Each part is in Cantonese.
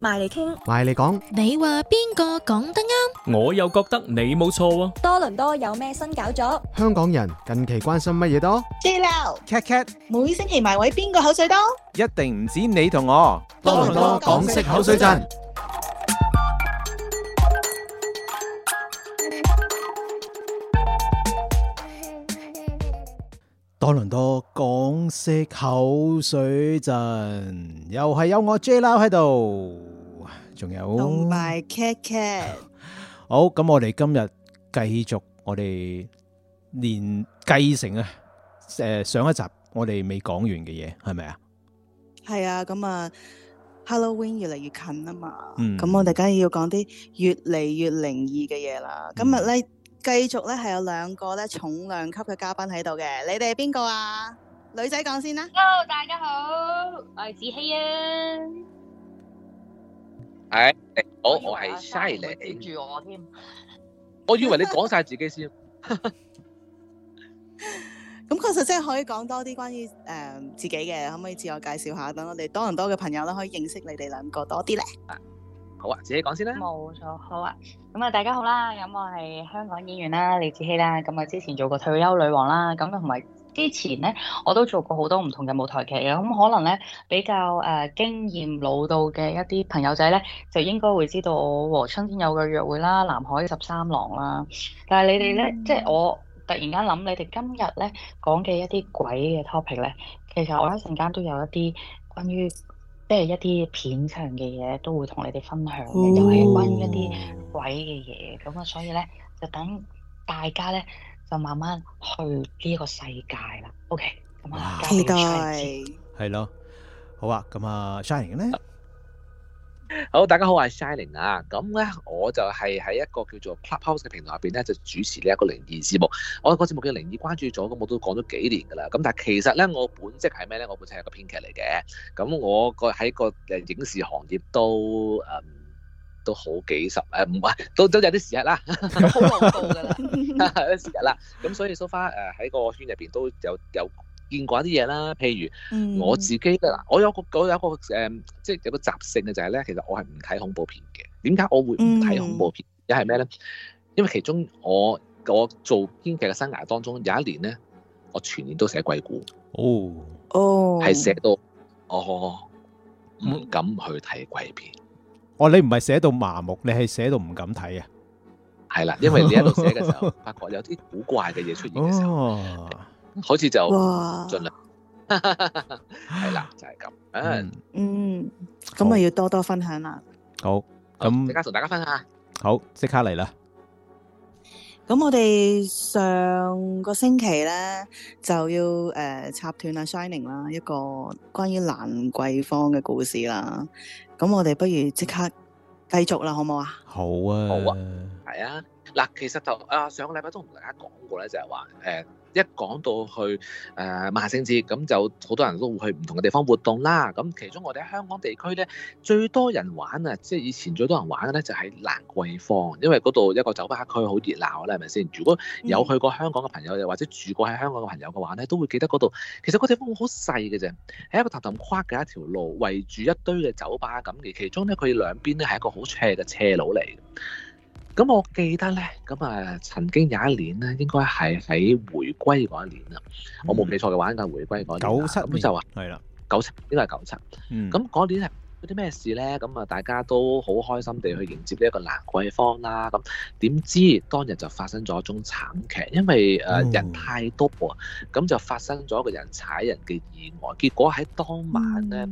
埋嚟聽，埋嚟講，你話邊個講得啱？我又覺得你冇錯。多倫多有咩新搞作？香港人近期關心乜嘢多？JLau，Kat Kat，每星期埋位邊個口水多？一定唔止你同我。多倫多港式口水陣。多倫多港式口水震，又係有我 J 啦喺度，仲有。凍敗 c a 好，咁我哋今日繼續我哋連繼承啊，誒、呃，上一集我哋未講完嘅嘢係咪啊？係啊，咁啊，Halloween 越嚟越近啊嘛，咁、嗯、我哋梗家要講啲越嚟越靈異嘅嘢啦。今日咧。嗯繼續咧，係有兩個咧重量級嘅嘉賓喺度嘅，你哋係邊個啊？女仔講先啦。Hello，大家好，我係紫僖 I, I, 啊。係，好，我係 Shinning。盯住我添，我以為、啊 Shining，我 我以為你講晒自己先。咁 確實，即係可以講多啲關於誒、呃、自己嘅，可唔可以自我介紹下？等我哋多倫多嘅朋友咧，可以認識你哋兩個多啲咧。好啊，自己講先啦。冇錯，好啊。咁、嗯、啊，大家好啦。咁、嗯、我係香港演員啦，李紫僖啦。咁、嗯、我之前做過退休女皇啦。咁同埋之前呢，我都做過好多唔同嘅舞台劇嘅。咁、嗯、可能呢，比較誒、呃、經驗老到嘅一啲朋友仔呢，就應該會知道《我和春天有個約會》啦，《南海十三郎》啦。但係你哋呢，嗯、即係我突然間諗，你哋今日呢講嘅一啲鬼嘅 topic 呢，其實我一陣間都有一啲關於。即、就、係、是、一啲片場嘅嘢，都會同你哋分享嘅、哦，又係關於一啲鬼嘅嘢，咁啊，所以咧就等大家咧就慢慢去呢一個世界啦。OK，咁啊，期待係咯，好啊，咁啊，Shinning 咧。好，大家好，我係 Shinning 啊，咁咧我就係喺一個叫做 Clubhouse 嘅平台入邊咧就主持呢一個靈異節目，我個節目叫靈異關注組，咁我都講咗幾年噶啦，咁但係其實咧我本職係咩咧？我本身係一個編劇嚟嘅，咁我在個喺個誒影視行業都誒、嗯、都好幾十誒唔係都都有啲時日啦，有 好耐冇做噶啦， 有時日啦，咁所以 so far 誒喺個圈入邊都有有，見過一啲嘢啦，譬如我自己咧，我有個我有一個誒，即係有個習性嘅就係咧，其實我係唔睇恐怖片嘅。點解我會唔睇恐怖片？因係咩咧？因為其中我我做編劇嘅生涯當中，有一年咧，我全年都寫鬼故，哦哦，係寫到哦，唔敢去睇鬼片。哦，你唔係寫到麻木，你係寫到唔敢睇啊？係啦，因為你喺度寫嘅時候，發覺有啲古怪嘅嘢出現嘅時候。好似就哇，盡量，係啦， 就係、是、咁。嗯，咁、嗯、啊，咁要多多分享啦。好，咁即刻同大家分享。好，即刻嚟啦。咁我哋上個星期咧就要誒、呃、插斷啦，Shinning 啦，一個關於蘭桂坊嘅故事啦。咁我哋不如即刻繼續啦，好唔好啊？好啊，好啊，係啊。嗱，其實就啊、呃，上個禮拜都同大家講過咧，就係話誒。呃一講到去誒萬聖節，咁就好多人都會去唔同嘅地方活動啦。咁其中我哋喺香港地區呢，最多人玩啊，即係以前最多人玩嘅呢，就喺蘭桂坊，因為嗰度一個酒吧區好熱鬧啦，係咪先？如果有去過香港嘅朋友，又或者住過喺香港嘅朋友嘅話呢，都會記得嗰度。其實嗰地方好細嘅啫，係一個氹氹跨嘅一條路，圍住一堆嘅酒吧咁嘅。其中呢，佢兩邊呢係一個好斜嘅斜路嚟。咁我記得咧，咁啊、呃、曾經有一年咧，應該係喺回歸嗰一年啊、嗯。我冇記錯嘅話、嗯嗯，應該係回歸嗰九七嗰就話係啦，九七應該係九七。咁、嗯、嗰年係有啲咩事咧？咁啊，大家都好開心地去迎接呢一個蘭桂坊啦。咁點知當日就發生咗一宗慘劇，因為誒人太多噃，咁、嗯、就發生咗一個人踩人嘅意外。結果喺當晚咧，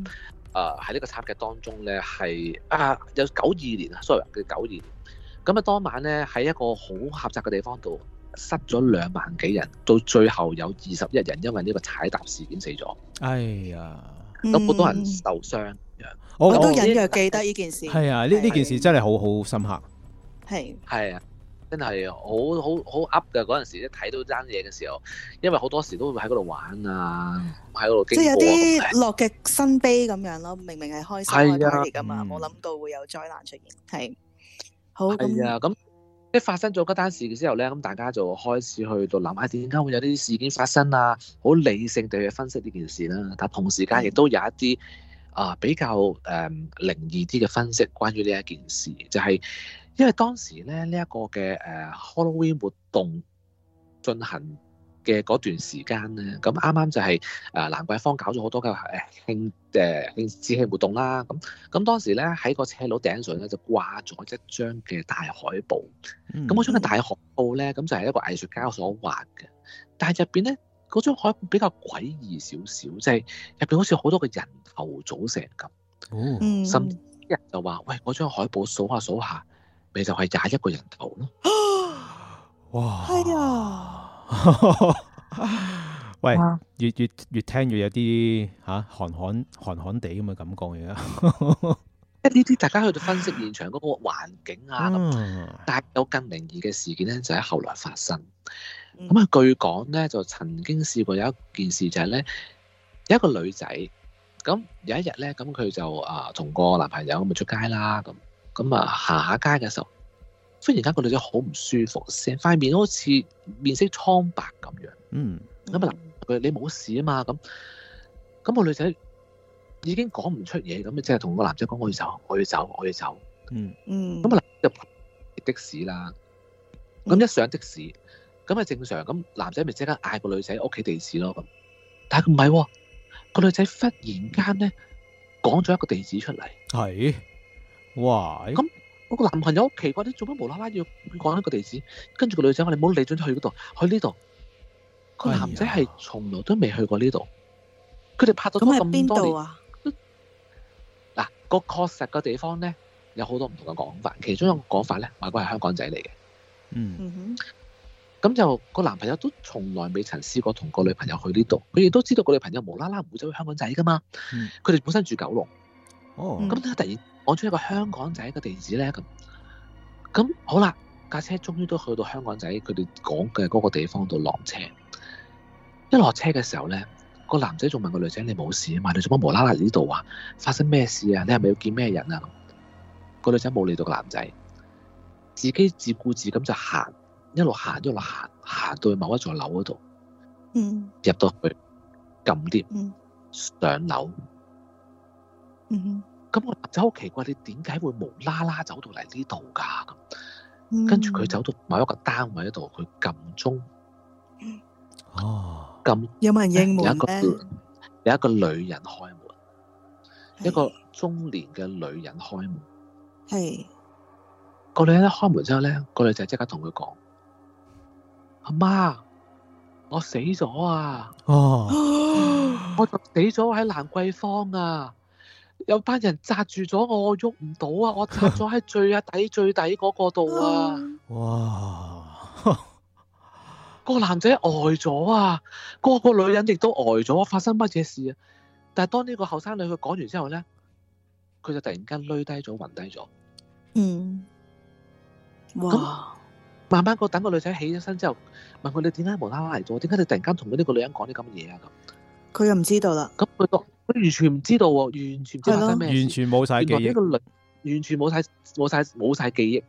誒喺呢個慘劇當中咧，係啊、呃、有九二年啊，所謂嘅九二年。咁啊！當晚咧喺一個好狹窄嘅地方度，塞咗兩萬幾人，到最後有二十一人因為呢個踩踏事件死咗。哎呀，咁好多人受傷。嗯、我都隱約記得呢件事。係、哦哦、啊，呢呢件事真係好、啊啊啊、真係好好、啊、好深刻。係係啊，啊，真係好好好 up 嘅嗰陣時，一睇到爭嘢嘅時候，因為好多時都會喺嗰度玩啊，喺嗰度經過、啊、即係有啲樂極生悲咁樣咯、啊嗯，明明係開心開到嚟㗎嘛，冇諗、啊嗯、到會有災難出現。係、啊。好，係啊，咁即係發生咗嗰單事件之後咧，咁大家就開始去到諗，啊點解會有啲事件發生啊？好理性地去分析呢件事啦、啊，但同時間亦都有一啲啊、呃、比較誒、呃、靈異啲嘅分析，關於呢一件事，就係、是、因為當時咧呢一、這個嘅誒 Halloween 活動進行嘅嗰段時間咧，咁啱啱就係蘭桂坊搞咗好多嘅誒慶誒慶節慶，慶，慶活動啦。咁咁當時咧喺個斜路頂上咧就掛咗一張嘅大海報。咁嗰張嘅大海報咧，咁就係一個藝術家所畫嘅。但係入邊咧嗰張海報比較詭異少少，即係入邊好似好多個人頭組成咁。哦、嗯，甚至啲人就話，喂，嗰張海報數下數下，咪就係廿一個人頭咯。哇！係啊。 喂，越越越聽越有啲吓、啊、寒、寒、寒寒寒寒地咁嘅感覺而家，呢啲大家去到分析現場嗰個環境啊，嗯、但係有更靈異嘅事件咧，就喺後來發生。咁啊，據講咧就曾經試過有一件事就係咧，有一個女仔咁有一日咧咁佢就啊同、呃、個男朋友咁咪出街啦咁咁啊行下街嘅時候。忽然間個女仔好唔舒服，成塊面好似面色蒼白咁樣。嗯，咁啊男，佢你冇事啊嘛？咁咁個女仔已經講唔出嘢，咁咪即係同個男仔講，我要走，我要走，我要走。嗯嗯，咁啊男就入的士啦，咁一上的士咁啊正常，咁男仔咪即刻嗌個女仔屋企地址咯咁，但係佢唔係，個女仔忽然間咧講咗一個地址出嚟，係哇咁。我、個男朋友奇怪，你做乜無啦啦要講一個地址？跟住個女仔我哋冇理准，去嗰度，去呢度。個男仔係從來都未去過呢度。佢哋拍拖咁多年。咁邊度啊？嗱，個確實個地方咧，有好多唔同嘅講法。其中一個講法咧，話佢係香港仔嚟嘅。嗯。咁就個男朋友都從來未曾試過同個女朋友去呢度。佢亦都知道個女朋友無啦啦唔會走去香港仔噶嘛。佢哋本身住九龍。哦。咁點解突然？講出一個香港仔嘅地址咧咁，咁好啦，架車終於都去到香港仔佢哋講嘅嗰個地方度落車。一落車嘅時候咧，個男仔仲問個女仔：你冇事啊嘛？你做乜無啦啦呢度啊？發生咩事啊？你係咪要見咩人啊？個女仔冇理到個男仔，自己自顧自咁就行，一路行一路行，行到去某一座樓嗰度，嗯，入到去撳啲上樓，嗯哼。咁我就好奇怪，你點解會無啦啦走到嚟呢度㗎？咁跟住佢走到某一個單位嗰度，佢撳鐘哦，有冇人應門咧？有一個女人開門，一個中年嘅女人開門。係個女人一開門之後咧，個女仔即刻同佢講：阿媽，我死咗啊！哦，我就死咗喺蘭桂坊啊！有班人紮住咗我，我喐唔到啊！我紮咗喺最啊底最底嗰個度啊！哇， 個男仔呆咗啊！個、個女人亦都呆咗。發生乜嘢事啊？但係當呢個後生女佢講完之後咧，佢就突然間累低咗，暈低咗。嗯，哇！慢慢個等個女仔起咗身之後，問佢你點解無啦啦嚟咗？點解你突然間同咗呢個女人講啲咁嘅嘢啊？咁佢又唔知道啦。咁佢我完全唔知道喎，完全唔知道發生咩事的。完全冇晒記憶。完全冇晒冇晒冇晒記憶。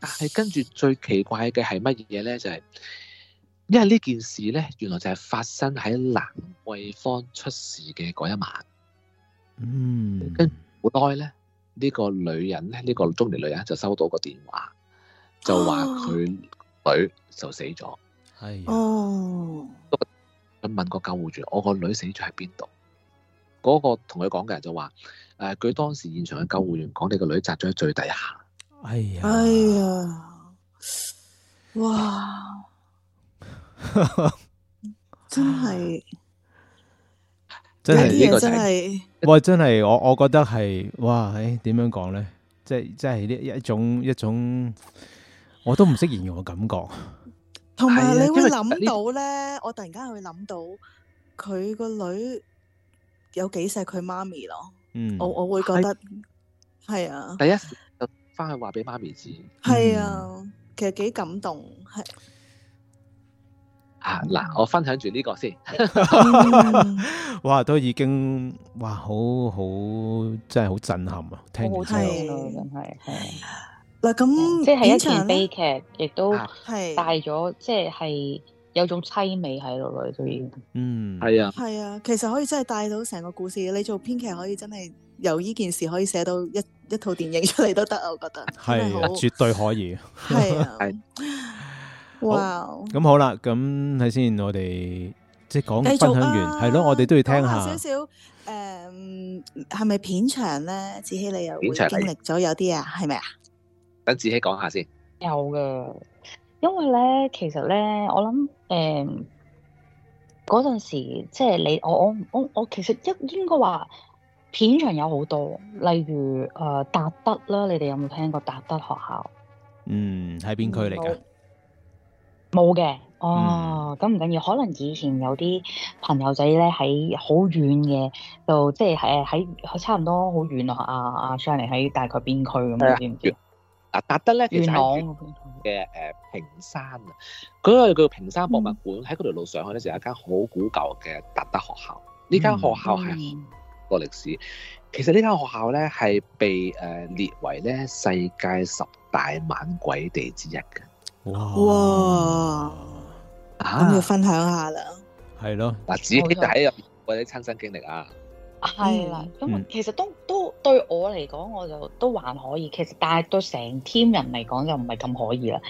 但係跟住最奇怪嘅係乜嘢咧？就係、是、因為呢件事咧，原來就係發生喺蘭桂坊出事嘅嗰一晚。嗯。跟好耐咧，呢、這個女人咧，呢、這個中年女人就收到個電話，就話佢女就死咗。係。哦。想問個救護員，我個女死咗喺邊度？嗰個同佢講嘅人就話：誒，佢當時現場嘅救護員講，你個女砸咗喺最底下。哎呀！哇！真係，真係呢個真係，哇！真係我我覺得係，哇！誒點樣講咧？即係即係呢一種一種，我都唔識形容嘅感覺。同埋你會諗到咧，我突然間會諗到佢個女。有幾錫佢媽咪咯？嗯，我我會覺得係啊。第一就翻去話俾媽咪知。係啊、嗯，其實幾感動係。嗱、啊，我分享住呢個先、 嗯。哇，都已經哇，好好真係好震撼聽的好的了啊！聽完之後，真係係嗱咁，即係一場悲劇，亦都帶咗即係。有種凄美喺度，來，所以嗯，係啊，係啊，其實可以真係帶到成個故事。你做編劇可以真係由呢件事可以寫到一一套電影出嚟都得，我覺得係、 啊、絕對可以。係啊, 係啊，哇！咁好啦，咁睇先我哋，我哋即係講分享完係咯、啊，我哋都要聽下少少。誒、呃，係咪片場咧？紫僖你又會經歷咗有啲啊？係咪啊？等紫僖講下先，有嘅。因為咧，其實咧，我諗，誒、嗯，嗰陣時即係你，我我我我其實一應該話片場有好多，例如誒達、呃、德啦，你哋有冇聽過達德學校？嗯，喺邊區嚟噶？冇嘅，哦，咁唔緊要，可能以前有啲朋友仔咧喺好遠嘅度，即係誒喺差唔多好遠啊！阿阿 Shinning 喺大概邊區咁，你知唔知？Yeah. 啊，達德咧其實喺元嘅誒平山啊，佢係叫平山博物館喺嗰條路上去咧，就有一間好古舊嘅達德學校。呢間學校係個歷史，其實呢間學校咧係被誒列為咧世界十大猛鬼地之一嘅。哇！啊，咁要分享下啦。係咯，嗱，子軒就喺入邊，我哋親身經歷啊。係啦，咁啊，其實都都。對我嚟講，我就都還可以。其實，但係對成 team 人嚟講就唔係咁可以啦。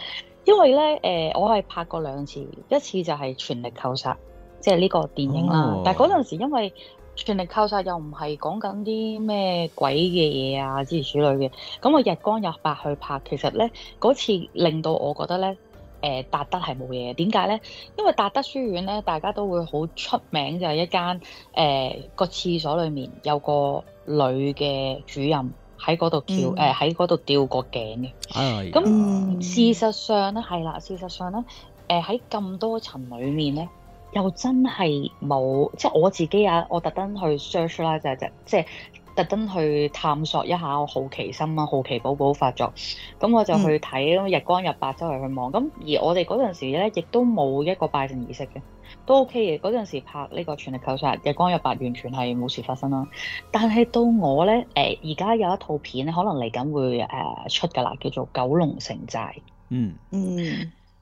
因為咧，誒、呃，我係拍過兩次，一次就係全力扣殺，即係呢個電影啦。Oh. 但係嗰陣時，因為全力扣殺又唔係講緊啲咩鬼嘅嘢啊之類嘅，咁我日光日白去拍，其實咧嗰次令到我覺得咧。誒達德係冇嘢，點解咧？因為達德書院咧，大家都會好出名，就係一間誒、呃、個廁所裏面有個女嘅主任喺嗰度吊誒喺嗰度吊個頸嘅。咁、哎、事實上咧係啦，事實上咧誒喺咁多層裏面咧，又真係冇，即係我自己啊，我特登去 search 啦，就係即係。就是特登去探索一下我好，好奇心啊，好奇寶寶發作，咁我就去睇、嗯 OK 這個《日光日白》周圍去望。咁而我哋嗰陣時咧，亦都冇一個拜神儀式嘅，都 OK 嘅。嗰陣時拍呢個全力扣殺《日光日白》，完全係冇事發生啦。但係到我咧，誒，而家有一套片咧，可能嚟緊會誒出噶啦，叫做《九龍城寨》。嗯嗯。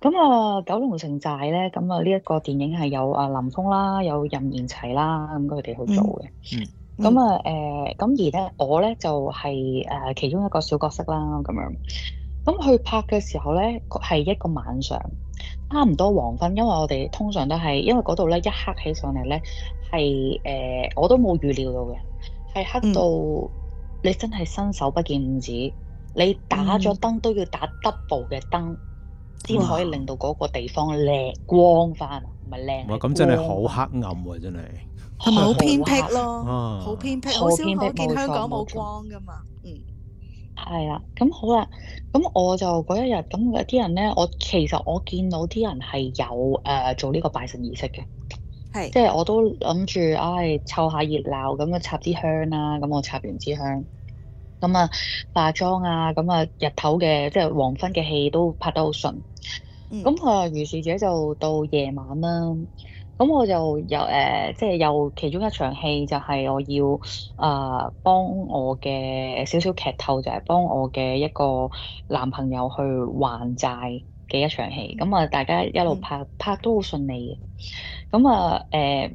咁啊，《九龍城寨呢》咧，咁啊呢一個電影係有阿林峯啦，有任賢齊啦，咁佢哋去做嘅。嗯。嗯咁、嗯、啊，誒，咁而咧，我咧就係、是、誒、呃、其中一個小角色啦，咁樣。咁去拍嘅時候咧，係一個晚上，差唔多黃昏，因為我哋通常都係因為嗰度咧一黑起上嚟咧，係誒、呃、我都冇預料到嘅，係黑到、嗯、你真係伸手不見五指，你打咗燈、嗯、都要打 double 嘅燈，先可以令到嗰個地方靚光翻，唔係靚。哇！咁真係好黑暗喎、啊，真係。係咪好偏僻咯？好、啊、偏僻，好偏僻，好少見，香港冇光噶嘛。嗯，係啦，咁好啦，咁我就嗰一日咁有啲人咧，我其實我見到啲人係有誒、呃、做呢個拜神儀式嘅，係，即係我都諗住，唉、哎，湊下熱鬧，咁樣插支香啦，咁我插完支香，咁啊化妝啊，咁啊日頭嘅即係黃昏嘅戲都拍得好順，咁、嗯、啊如是者就到夜晚啦。咁我就又誒，即係又其中一場戲就係我要啊、呃、幫我嘅少少劇透，就係、是、幫我嘅一個男朋友去還債嘅一場戲。咁、嗯、啊，大家一路拍拍都好順利嘅。咁啊誒，咁、呃呃、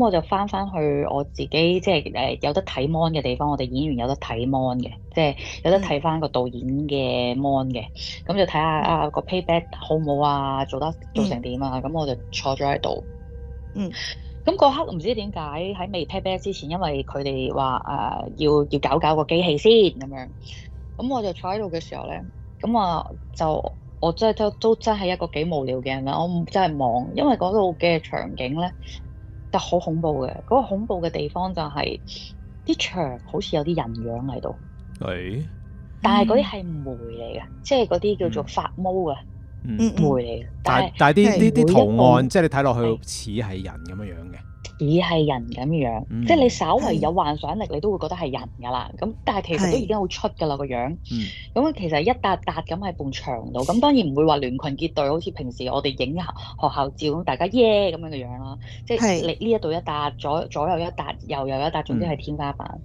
我就翻翻去我自己即係誒有得睇 mon 嘅地方，我哋演員有得睇 mon 嘅，即、就、係、是、有得睇翻個導演嘅 mon 嘅。咁就睇下啊、那個 payback 好唔好啊？做得做成點啊？咁我就坐咗喺度。嗯，咁、嗯、嗰、那個、刻唔知點解喺未 test 之前，因為佢哋話誒要要搞搞個機器先咁樣，咁我就坐喺度嘅時候咧，咁啊就我真係都都真係一個幾無聊嘅人啦，我唔真係忙，因為嗰度嘅場景咧就好恐怖嘅，嗰、那個恐怖嘅地方就係、是、啲、那個、牆好似有啲人樣喺度，係，但係嗰啲係霉嚟嘅，即係嗰啲叫做發毛嘅。嗯，但係但係啲啲啲圖案，即係你睇落去似係人咁樣樣嘅，似係人咁樣，即係你稍為有幻想力，你都會覺得係人噶啦。咁但係其實都已經好出噶啦個樣，咁其實一笪笪咁喺埲牆度，咁當然唔會話聯群結隊，好似平時我哋影校學校照咁大家耶咁樣嘅樣啦。即係你呢一度一笪左左右一笪右右一笪，總之係天花板。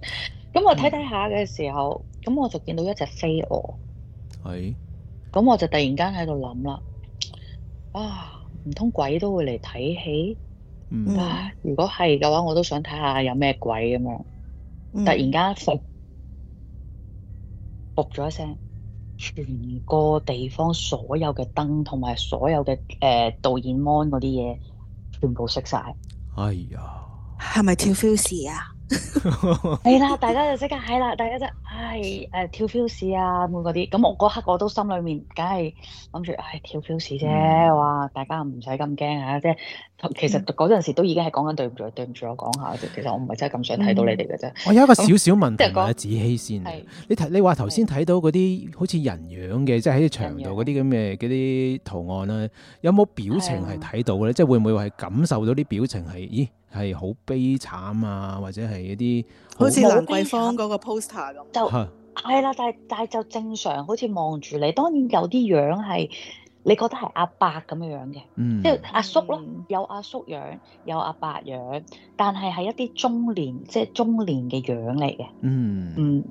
咁我睇睇下嘅時候，咁我就見到一隻飛蛾。係。咁我就突然間喺度諗啦，啊，唔通鬼都會嚟睇戲？Mm -hmm. 啊，如果係嘅話，我都想睇下有咩鬼咁樣。Mm -hmm. 突然間伏，仆咗一聲，全個地方所有嘅燈同埋所有嘅誒、呃、導演 mon 嗰啲嘢，全部熄晒。哎呀，係咪跳 fuse 啊？係啦，大家就即刻。係啦，大家就。係、哎、誒、呃、跳跳市啊咁嗰啲，咁我嗰刻我都心裏面梗係諗住，唉、哎、跳跳市啫，哇，大家唔使咁驚即啫。其實嗰陣時都已經係講緊對唔住、嗯，對唔住我講下，其實我唔係真係咁想睇到你哋嘅啫。我有一個小小問題，阿紫僖先，你頭你話頭先睇到嗰啲好似人樣嘅、就是啊，即係喺牆度嗰啲咁嘅嗰啲圖案啦，有冇表情係睇到嘅咧？即係會唔會係感受到啲表情係？咦？係好悲慘啊，或者係一啲好似蘭桂坊嗰個 poster 咁，就係啦。但係但係就正常，好似望住你。當然有啲樣係你覺得係阿伯咁樣樣嘅、嗯，即係阿叔咯，有阿叔樣，有阿伯樣，但係係一啲中年，即係中年嘅樣嚟嘅。嗯，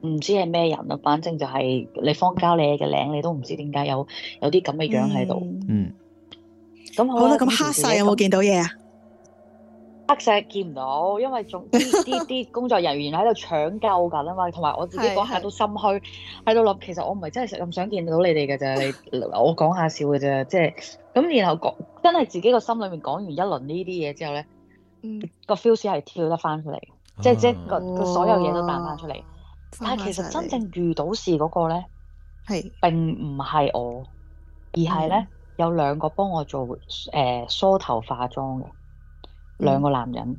唔唔知係咩人咯，反正就係你方交你嘅領，你都唔知點解有有啲咁嘅樣喺度。嗯，咁、嗯、好，好啦，咁黑晒有冇見到嘢啊？得嘅，見唔到，因為仲啲啲啲工作人員喺度搶救緊啊嘛，同 埋我自己講下都心虛，喺度諗。其實我唔係真係咁想見到你哋嘅啫， 你我講下笑嘅啫，即係咁。然後講真係自己個心裏面講完一輪呢啲嘢之後咧，個 feel 先係跳得翻出嚟，即係即係個所有嘢都彈翻出嚟。哦、但係其實真正遇到事嗰個咧，係並唔係我，而係咧有兩個幫我做誒、呃、梳頭化妝嘅。兩個男人，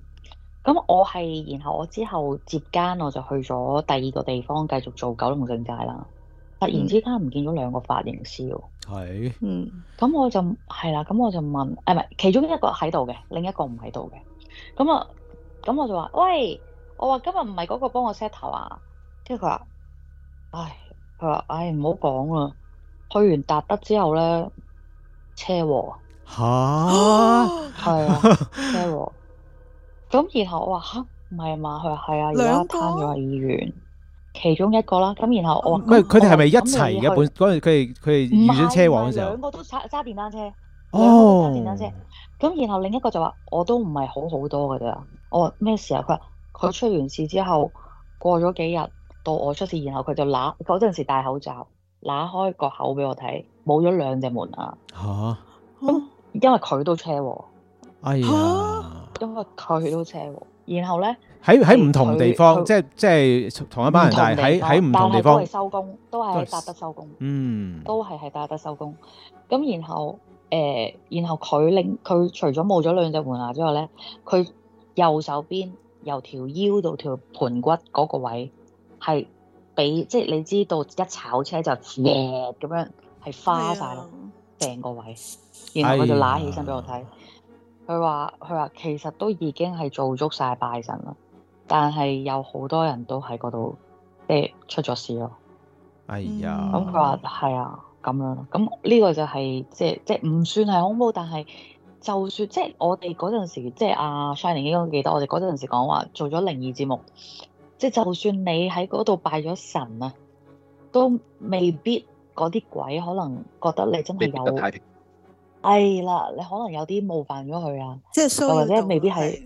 咁我係，然後我之後接間我就去咗第二個地方繼續做九龍正街啦。突然之間唔見咗兩個髮型師喎。係。嗯。咁我就係啦，咁我就問，誒、哎、唔係，其中一個喺度嘅，另一個唔喺度嘅。咁啊，咁我就話：喂，我話今日唔係嗰個幫我 set 頭啊。跟住佢話：唉，佢話：唉、哎，唔好講啊。去完達德之後呢，車禍。吓係啊，車禍。咁然後我話吓，唔係啊嘛，佢話係啊，而家癱咗喺醫院，其中一個啦，咁然後我話唔佢哋係咪一齊而家本嗰陣佢哋佢哋遇咗車禍嘅時候，兩個都揸揸電，電單車，哦揸電單車，咁然後另一個就話我都唔係好好多嘅咋。」我咩時候，啊？佢話佢出完事之後過咗幾日到我出事，然後佢就嗱嗰陣時戴口罩，嗱開個口俾我睇，冇咗兩隻門啊，吓、嗯因為佢都車喎、哎呀，因為佢都車喎，然後咧喺喺唔同地方，即係即係同一班人喺喺唔同地方，但係都係收工，都係搭得收工，嗯，都係喺搭得收工。咁然後誒，然後佢令佢除咗冇咗兩隻門牙之外，咧，佢右手邊由條腰到條盤骨嗰個位係俾即係你知道一炒車就咩咁樣係花晒咯。成個位，然後就拿我就揦起身俾我睇，佢話佢話其實都已經係做足晒拜神啦，但係有好多人都喺嗰度，即、呃、係出咗事咯。哎呀，咁佢話係啊，咁樣咯，咁、嗯、呢、這個就係即係即係唔算係恐怖，但係就算即係、就是、我哋嗰陣時，即係阿 Shinning 應該記得我，我哋嗰陣時講話做咗靈異節目，即、就、係、是、就算你喺嗰度拜咗神啊，都未必。嗰啲鬼可能覺得你真係有，係啦，你可能有啲冒犯咗佢啊，或者未必係，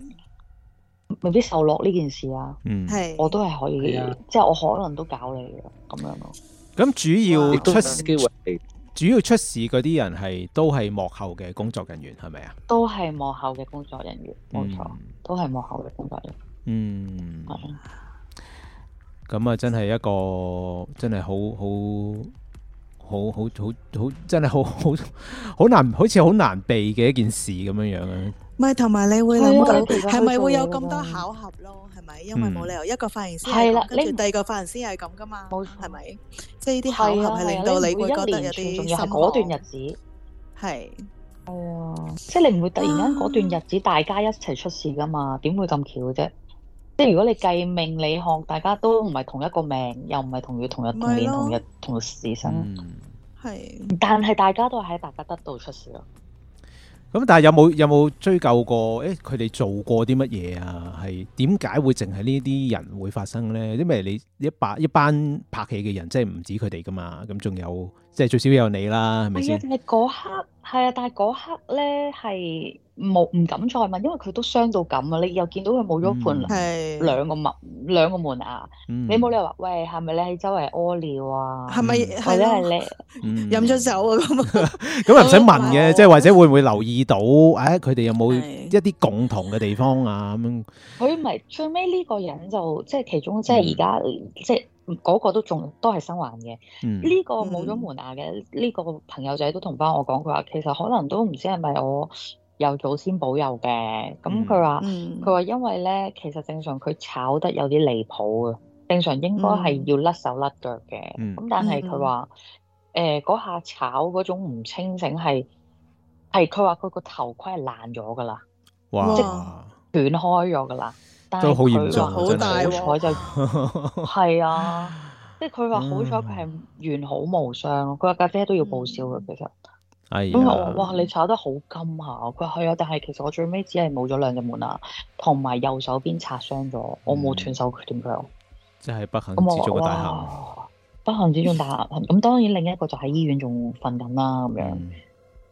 未必受落呢件事啊。嗯，我都係可以啊，即係我可能都搞你嘅咁樣咯。咁主要出事機會，主要出事嗰啲人係都係幕後嘅工作人員，係咪啊？都係幕後嘅工作人員，冇錯，都係幕後嘅工作人員。嗯，咁啊，真係一個真係好好。好好好好真係好好好難，好似好難避嘅一件事咁樣樣啊！咪同埋你會諗到係咪會有咁多巧合咯？係咪因為冇理由，一個髮型師，係啦，跟住第二個髮型師係咁噶嘛？係咪？即係呢啲巧合係令到你會覺得有啲嗰段日子，係係啊！即係你唔會突然間嗰段日子大家一齊出事噶嘛？點會咁巧啫？即係如果你計命理學，大家都唔係同一個命，又唔係同月同日同年同日同時生，係、嗯。但係大家都係喺大家得到出事咯。咁但係有冇有冇追究過？誒、欸，佢哋做過啲乜嘢？啊，係點解會淨係呢啲人會發生咧？因為你一拍一班拍戲嘅人，即係唔止佢哋㗎嘛。咁仲有。即係最少有你啦，係咪先？係啊，但係嗰刻係啊，但係嗰刻咧係冇唔敢再問，因為佢都傷到咁啊！你又見到佢冇咗盤，係兩個門兩、嗯、個門牙、嗯，你冇理由話喂係咪你喺周圍屙尿啊？係咪係咧？你飲咗酒啊？咁咁又唔使問嘅，即係或者會唔會留意到？誒，佢、哎、哋有冇一啲共同嘅地方啊？咁樣佢唔係最尾呢個人就即係其中是、嗯，即係而家即係。嗰、那個都仲都係生還嘅，呢、嗯這個冇咗門牙嘅，呢、這個朋友仔都同返我講，佢話其實可能都唔知係咪我有祖先保佑嘅，咁佢話佢話因為咧，其實正常佢炒得有啲離譜啊，正常應該係要甩手甩腳嘅，咁、嗯、但係佢話誒嗰下炒嗰種唔清醒係係佢話佢個頭盔係爛咗㗎啦，哇，即係斷開咗㗎啦。但都好嚴重，好大啊、 好大好彩就係啊，即係佢話好彩佢係完好無傷。佢話家姐都要報銷嘅，其實。係。咁我話：哇！你擦得好金下、啊，佢係啊，但係其實我最尾只係冇咗兩隻門啊，同埋右手邊擦傷咗，我冇斷手斷腳、嗯。即係不幸之中，中大幸。不幸之中大幸。咁當然另一個就喺醫院仲瞓緊啦，咁樣。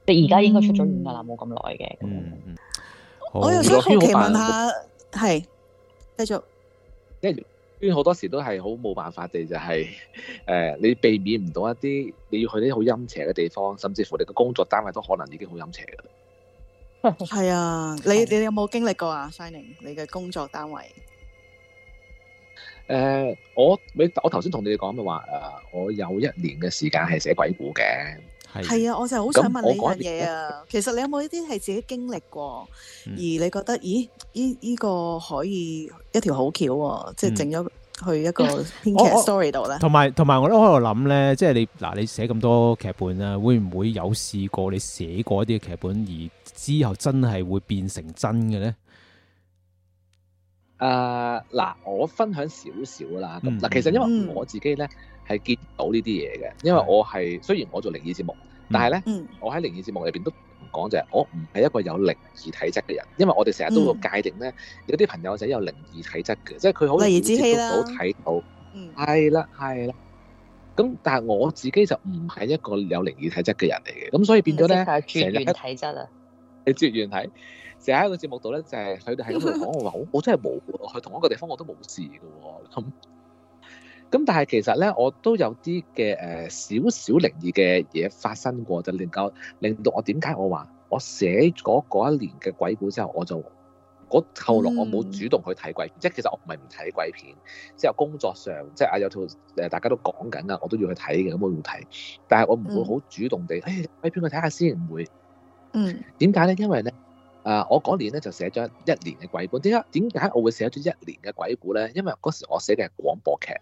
你而家應該出咗院啦，冇咁耐嘅。嗯我又想好，好奇問下，係。繼續，因為雖然好多時都係好冇辦法地，就係誒，你避免唔到一啲你要去啲好陰邪嘅地方，甚至乎你嘅工作單位都可能已經好陰邪嘅。係啊，你你有冇經歷過啊？Shinning，你嘅工作單位？誒，我你我頭先同你講咪話誒，我有一年嘅時間係寫鬼故嘅。係啊，我就好想問你一樣嘢啊。其實你有冇一啲係自己經歷過、嗯，而你覺得，咦？依、呢、依個可以一條好橋、嗯，即係整咗去一個編劇 story 度咧。同埋同埋，我都喺度諗咧，即係你嗱，你寫咁多劇本啊，會唔會有試過你寫過一啲嘅劇本，而之後真係會變成真嘅咧？誒、呃、嗱，我分享少少啦。咁、嗯、嗱，其實因為我自己咧係見到呢啲嘢嘅，因為我係雖然我做靈異節目，嗯、但係咧、嗯、我喺靈異節目入邊都講就係我唔係一個有靈異體質嘅人，因為我哋成日都會界定咧、嗯、有啲朋友仔有靈異體質嘅，即係佢好容易接觸到睇到，係啦係啦。咁、嗯、但係我自己就唔係一個有靈異體質嘅人嚟嘅，咁所以變咗咧係絕緣體質啊！你絕緣體。成喺個節目度咧，就係佢哋喺度講，我話我真係冇喎，去同一個地方我都冇事嘅喎。咁、嗯、咁，但係其實咧，我都有啲嘅誒少少靈異嘅嘢發生過，就能夠令到我點解我話我寫咗嗰一年嘅鬼故之後，我就嗰後落我冇主動去睇鬼片，嗯、不不看鬼片。即係其實我唔係唔睇鬼片，之後工作上即係啊有套誒大家都講緊啊，我都要去睇嘅，咁我要睇，但係我唔會好主動地、嗯哎、鬼片去睇下先，唔會。嗯，點解咧？因為咧。誒，我嗰年咧就寫咗一年嘅鬼故。點解點解我會寫咗一年嘅鬼故咧？因為嗰時我寫嘅係廣播劇、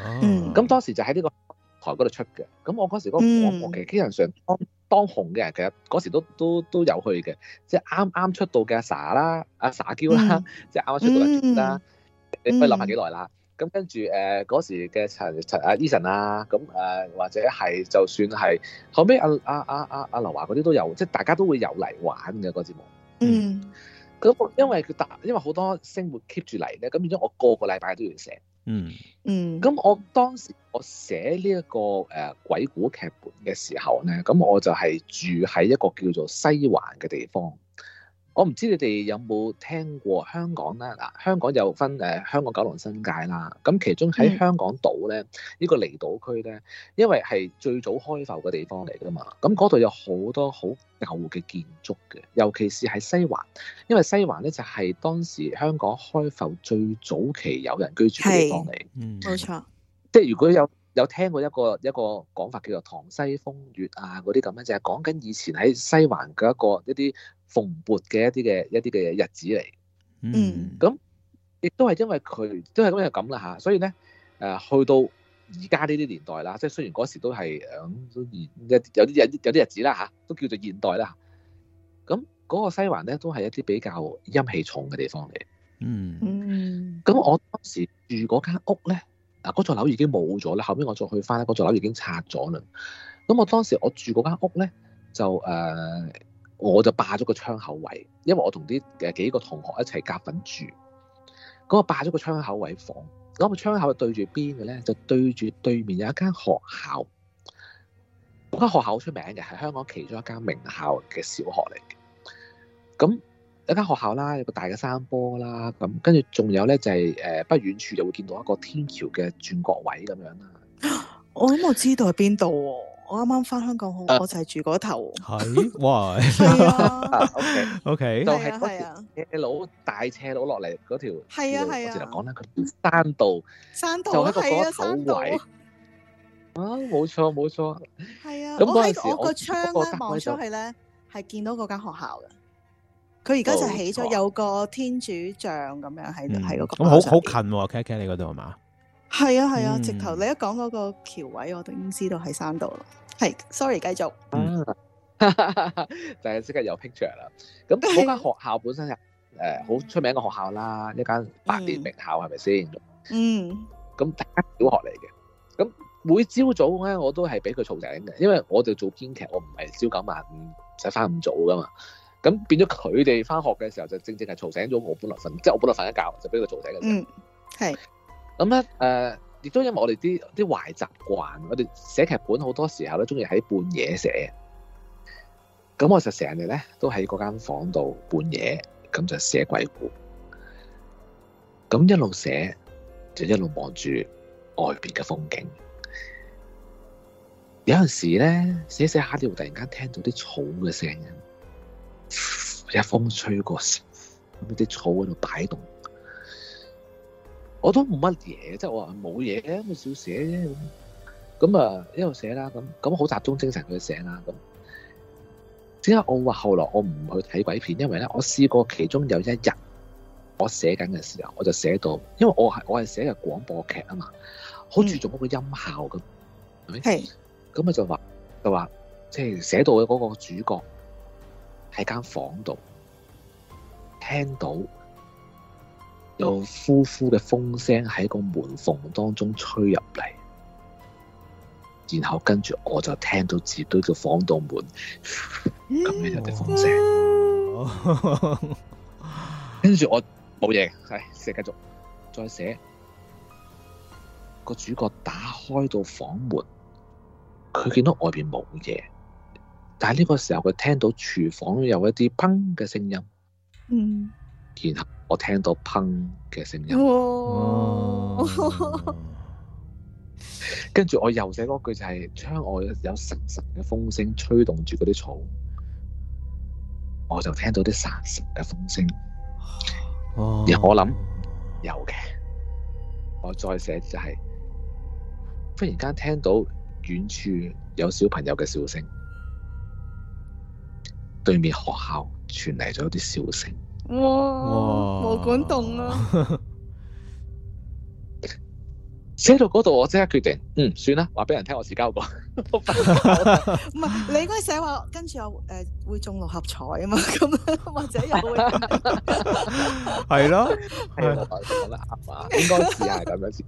啊，咁、嗯、當時就喺呢個台嗰度出嘅。咁我嗰時嗰個廣播劇，基本上當當紅嘅人其實嗰時都都都有去嘅，即係啱啱出道嘅阿 Sa 啦、阿 Sa 嬌啦，即係啱啱出道嘅啦、嗯。你可以諗下幾耐啦？咁跟住誒嗰時嘅陳陳阿 Eason 啊，咁誒或者係就算係後尾阿阿阿阿阿劉華嗰啲都有，即係大家都會有嚟玩嘅個節目。嗯，咁、嗯，因為佢大，因為好多生活來星活 keep 住嚟咧，咁變咗我個個禮拜都要寫。嗯嗯，咁我當時我寫呢一個誒鬼故劇本嘅時候咧，咁我就係住喺一個叫做西環嘅地方。我唔知你哋有冇聽過香港啦。嗱，香港有分誒香港九龍新界啦。咁其中喺香港島咧，呢個離島區咧，因為係最早開埠嘅地方嚟噶嘛。咁嗰度有好多好舊嘅建築嘅，尤其是喺西環，因為西環咧就係當時香港開埠最早期有人居住嘅地方嚟。嗯，冇錯。即係如果有有聽過一個一個講法叫做唐西風月啊嗰啲咁樣，就係講緊以前喺西環嘅一個一啲蓬勃嘅一啲嘅一啲嘅日子嚟、mm -hmm. 呃，嗯，咁亦都係因為佢都係咁樣咁啦嚇，所以咧誒去到而家呢啲年代啦，即係雖然嗰時都係誒都有啲有啲有啲日子啦嚇，都叫做現代啦。咁、那、嗰個西環咧都係一啲比較陰氣重嘅地方嚟，嗯，咁我當時住嗰間屋咧嗱，嗰座樓已經冇咗啦，後邊我再去翻嗰座樓已經拆咗啦。咁我當時我住嗰間屋咧就誒。呃我就霸咗個窗口位，因為我同啲誒幾個同學一齊夾份住，咁我霸咗個窗口位房，咁、嗰個窗口係對住邊嘅咧？就對住對面有一間學校，嗰間學校好出名嘅，係香港其中一間名校嘅小學嚟嘅。咁一間學校啦，有個大嘅山坡啦，咁跟住仲有咧就係誒不遠處就會見到一個天橋嘅轉角位咁樣啦。我諗我知道喺邊度喎。我啱啱翻香港，啊、我就係住嗰頭。係哇。O K O K 就係、是、斜路、啊啊、大斜路落嚟嗰條。係啊係啊。我直頭講佢山道。山道就喺個頭位啊。係啊山道。啊，冇錯冇錯。係啊。咁嗰個時我個窗呢，我我望出去咧，係見到嗰間學校嘅。佢而家就起咗有個天主像咁樣喺喺嗰咁好好近喎、哦，KK、你嗰度係嘛？係啊係啊，是啊嗯、直頭你一講嗰個橋位，我都已經知道喺山道啦。係，sorry，繼續。嗯、 就係即刻有 picture 啦。咁嗰間學校本身又誒好出名嘅學校啦，一間百年名校係咪先？嗯。咁，第一間小學嚟嘅。咁每朝早咧，我都係俾佢嘈醒嘅，因為我就做編劇，我唔係朝九晚五，使翻咁早噶嘛。咁變咗佢哋翻學嘅時候，就正正係嘈醒咗我本來瞓，即、就、係、是、我本來瞓一覺就俾佢嘈醒嘅。嗯，係。咁咧，誒、呃，亦都因為我哋啲啲壞習慣，我哋寫劇本好多時候咧，鍾意喺半夜寫。咁我就成日咧都喺嗰間房度半夜，咁就寫鬼故。咁一路寫就一路望住外邊嘅風景。有陣時咧寫寫下，你會突然間聽到啲草嘅聲音，一風吹過，咁啲草喺度擺動。我都冇乜嘢，即係我話冇嘢咁少寫啫。咁啊，一路寫啦，咁咁好集中精神去寫啦。咁點解我話後來我唔去睇鬼片？因為咧，我試過其中有一日，我寫緊嘅時候，我就寫到，因為我係我係寫嘅廣播劇啊嘛，好注重嗰個音效咁，係咪？係。咁啊就話就話，即係寫到嘅嗰個主角喺間房度聽到。有呼呼嘅風聲喺個門縫當中吹入嚟，然後跟住我就聽到自己嘅房度門咁樣有一啲風聲，跟住 我冇嘢，係繼續再寫，嗰個主角打開到房門，佢見到外邊冇嘢，但係呢個時候佢聽到廚房有一啲砰嘅聲音，嗯。然後我聽到砰嘅聲音，哦、跟住我又寫嗰句就係、是、窗外有沙沙嘅風聲吹動住嗰啲草，我就聽到啲沙沙嘅風聲。哦，我諗有嘅，我再寫就係、是、忽然間聽到遠處有小朋友嘅笑聲，對面學校傳嚟咗啲笑聲。哇，冇管凍啦、啊！寫到嗰度，我即刻決定，嗯，算啦，話俾人聽我試交過。唔 係 你應該寫話跟住又誒會中六合彩啊嘛，咁樣或者又會係咯？係 啊 是的，講啲阿話， 應該試下咁樣先。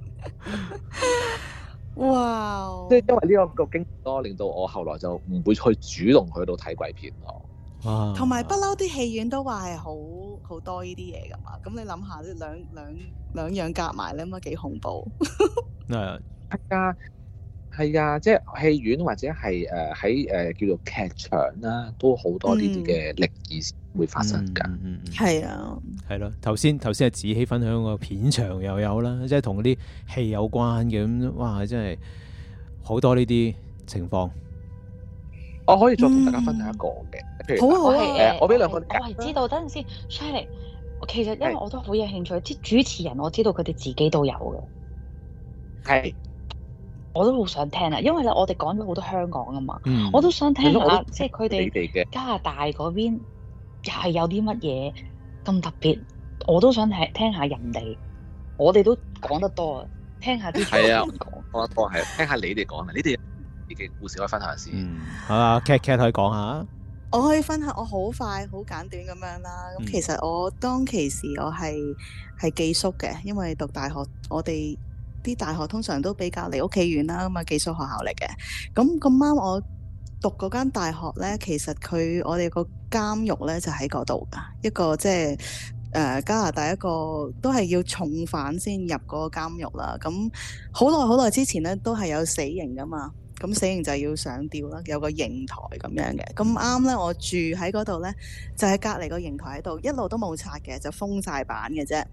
哇！即係因為呢個局經多，令到我後來就唔會去主動去到睇鬼片咯。同埋不嬲，啲戲院都話係好好多呢啲嘢噶嘛，咁你諗下，啲兩兩兩樣夾埋你咁啊幾恐怖。係啊，係 啊，即係戲院或者係誒喺誒叫做劇場啦、啊，都好多呢啲嘅靈異會發生噶。係、嗯嗯嗯、啊，係咯、啊，頭先頭先阿紫僖分享個片場又有啦，即係同嗰啲戲有關嘅咁，哇，真係好多呢啲情況。我可以再同大家分享一個嘅、嗯，譬如好好、呃、我俾兩個你。我係知道，等陣先，Shinning。其實因為我都好有興趣，即係主持人我知道佢哋自己都有嘅。係，我都好想聽啊，因為咧我哋講咗好多香港啊嘛、嗯，我都想聽下，聽即係佢哋加拿大嗰邊又係有啲乜嘢咁特別，我都想聽聽下人哋。我哋都講得多，聽下啲係啊，講多啊多係啊，聽下你哋講啊，你哋。啲故事可以分享下先，啊、嗯、Kat Kat 可以講下，我可以分享我好快好簡短咁樣啦。咁其實我當其時我係係、嗯、寄宿嘅，因為讀大學我哋啲大學通常都比較離屋企遠啦，咁啊寄宿學校嚟嘅。咁咁啱我讀嗰間大學咧，其實佢我哋個監獄咧就喺嗰度噶，一個即係誒加拿大一個都係要重犯先入個監獄啦。咁好耐好耐之前咧都係有死刑噶嘛。咁死刑就要上吊啦，有個刑台咁樣嘅。咁啱咧，我住喺嗰度咧，就喺隔離個刑台喺度，一路都冇拆嘅，就封晒板嘅啫。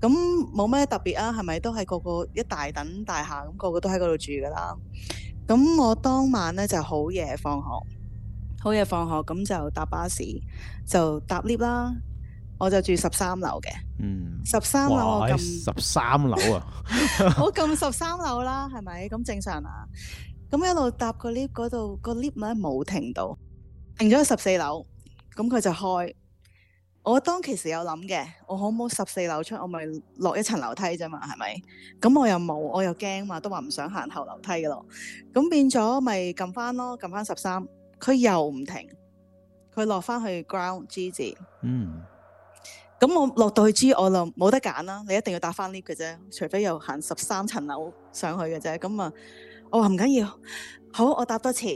咁冇咩特別啊，係咪都係個個一大等大廈，咁個個都喺嗰度住噶啦。咁我當晚咧就好夜放學，好夜放學，咁就搭巴士，就搭 lift 啦。我就住十三樓嘅，嗯，十三樓，十三樓啊，十 三 樓啊，好，咁十三樓啦，係咪咁正常啊？咁一路搭個 lift 嗰度，個 lift 咧冇停到，停咗十四樓，咁佢就開。我當其時有諗嘅，我可唔可以十四樓出，我咪落一層樓梯啫嘛，係咪？咁我又冇，我又驚嘛，都話唔想行後樓梯嘅咯。咁變咗咪撳翻咯，撳翻十三，佢又唔停，佢落翻去 ground G 字。嗯。咁我落到去 G，我就冇得揀啦，你一定要搭翻 lift 嘅啫，除非又行十三層樓上去嘅啫，咁啊。我話唔緊要，好，我搭多次，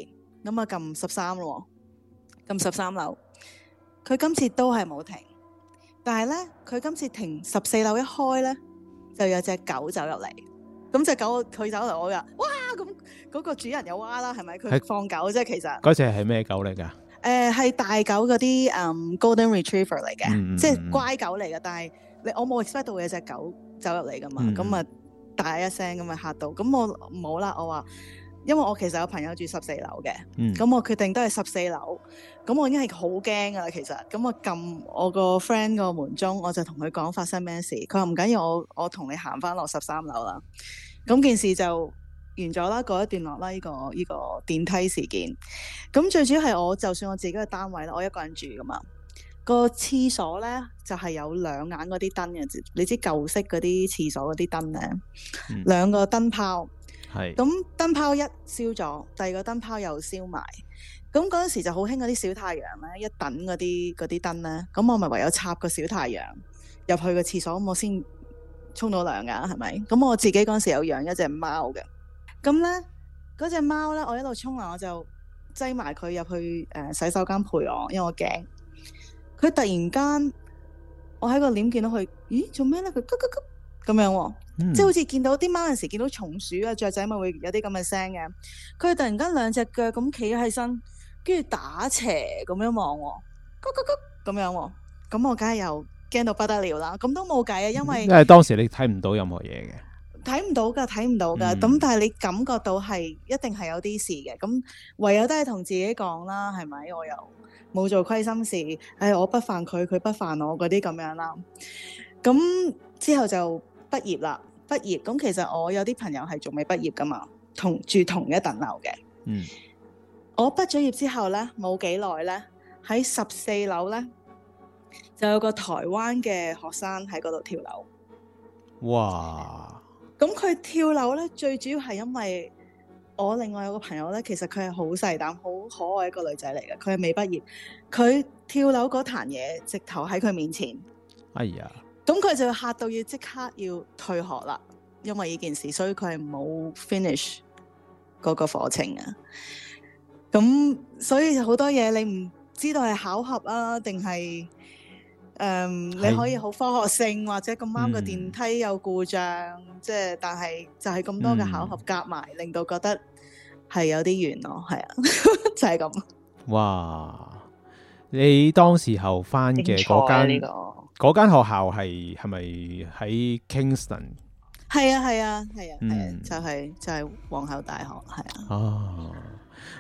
咁啊，撳十三咯，撳十三樓，佢今次都係冇停，但係咧佢今次停十四樓一開咧，就有隻狗走入嚟，咁隻狗佢走嚟，我又，哇咁嗰、那個主人有哇啦，係咪佢係放狗即係其實嗰隻係咩狗嚟噶？誒、呃，係大狗嗰啲誒 golden retriever 嚟嘅、嗯，即係乖狗嚟嘅。但係你我冇 expect 到有隻狗走入嚟噶嘛，咁、嗯、啊。大一聲咁咪嚇到，咁我唔好啦，我話，因為我其實有朋友住十四樓嘅，咁、嗯、我決定都係十四樓，咁我已經係好驚噶啦，其實，咁我撳我個 friend 個門鐘，我就同佢講發生咩事，佢話唔緊要，我我同你行翻落十三樓啦，咁件事就完咗啦，過一段落啦，呢個呢個電梯事件，咁最主要係我就算我自己嘅單位啦，我一個人住噶嘛。個廁所咧就係、是、有兩眼嗰啲燈嘅，你知舊式嗰啲廁所嗰啲燈咧，兩、嗯、個燈泡，係咁燈泡一燒咗，第二個燈泡又燒埋，咁嗰陣時就好興嗰啲小太陽咧，一等嗰啲嗰啲燈咧，咁我咪唯有插個小太陽入去個廁所，咁我先沖到涼噶，係咪？咁我自己嗰陣時有養一隻貓嘅，咁咧嗰隻貓咧，我一路沖涼我就擠埋佢入去誒洗手間陪我，因為我驚。佢突然間，我喺個臉見到佢，咦做咩咧？佢咯咯咯咁咁樣、喔，嗯、即係好似見到啲貓嗰時見到松鼠啊雀仔咪會有啲咁嘅聲嘅。佢突然間兩隻腳咁企起身，跟住打斜咁樣望、喔，咯咯、喔咁咁樣，咁我梗係又驚到不得了啦。咁都冇計啊，因為因為當時你睇唔到任何嘢嘅。睇唔到噶，睇唔到噶。咁、嗯、但係你感覺到係一定係有啲事嘅。咁唯有都係同自己講啦，係咪？我又冇做虧心事，唉、哎，我不犯佢，佢不犯我嗰啲咁樣啦。咁之後就畢業啦，畢業。咁其實我有啲朋友係仲未畢業噶嘛，同住同一層樓嘅。嗯。我畢咗業之後呢，冇幾耐呢，喺十四樓呢，就有個台灣嘅學生喺嗰度跳樓。哇！咁佢跳樓咧，最主要係因為我另外有個朋友咧，其實佢係好細膽、好可愛一個女仔嚟嘅，佢係未畢業，佢跳樓嗰壇嘢直頭喺佢面前，哎呀！咁佢就嚇到要即刻要退學啦，因為呢件事，所以佢係冇 finish 嗰個課程啊。咁所以好多嘢你唔知道係巧合啊，定係？嗯，你可以好科學性，或者咁啱個電梯有故障，即係，但係就係咁多嘅巧合夾埋，令到覺得係有啲遠咯，係啊，就係咁。哇！你當時候返嘅嗰間嗰間學校係係咪喺 Kingston？係啊，係啊，係啊，誒，就係就係皇后大學，係啊。哦，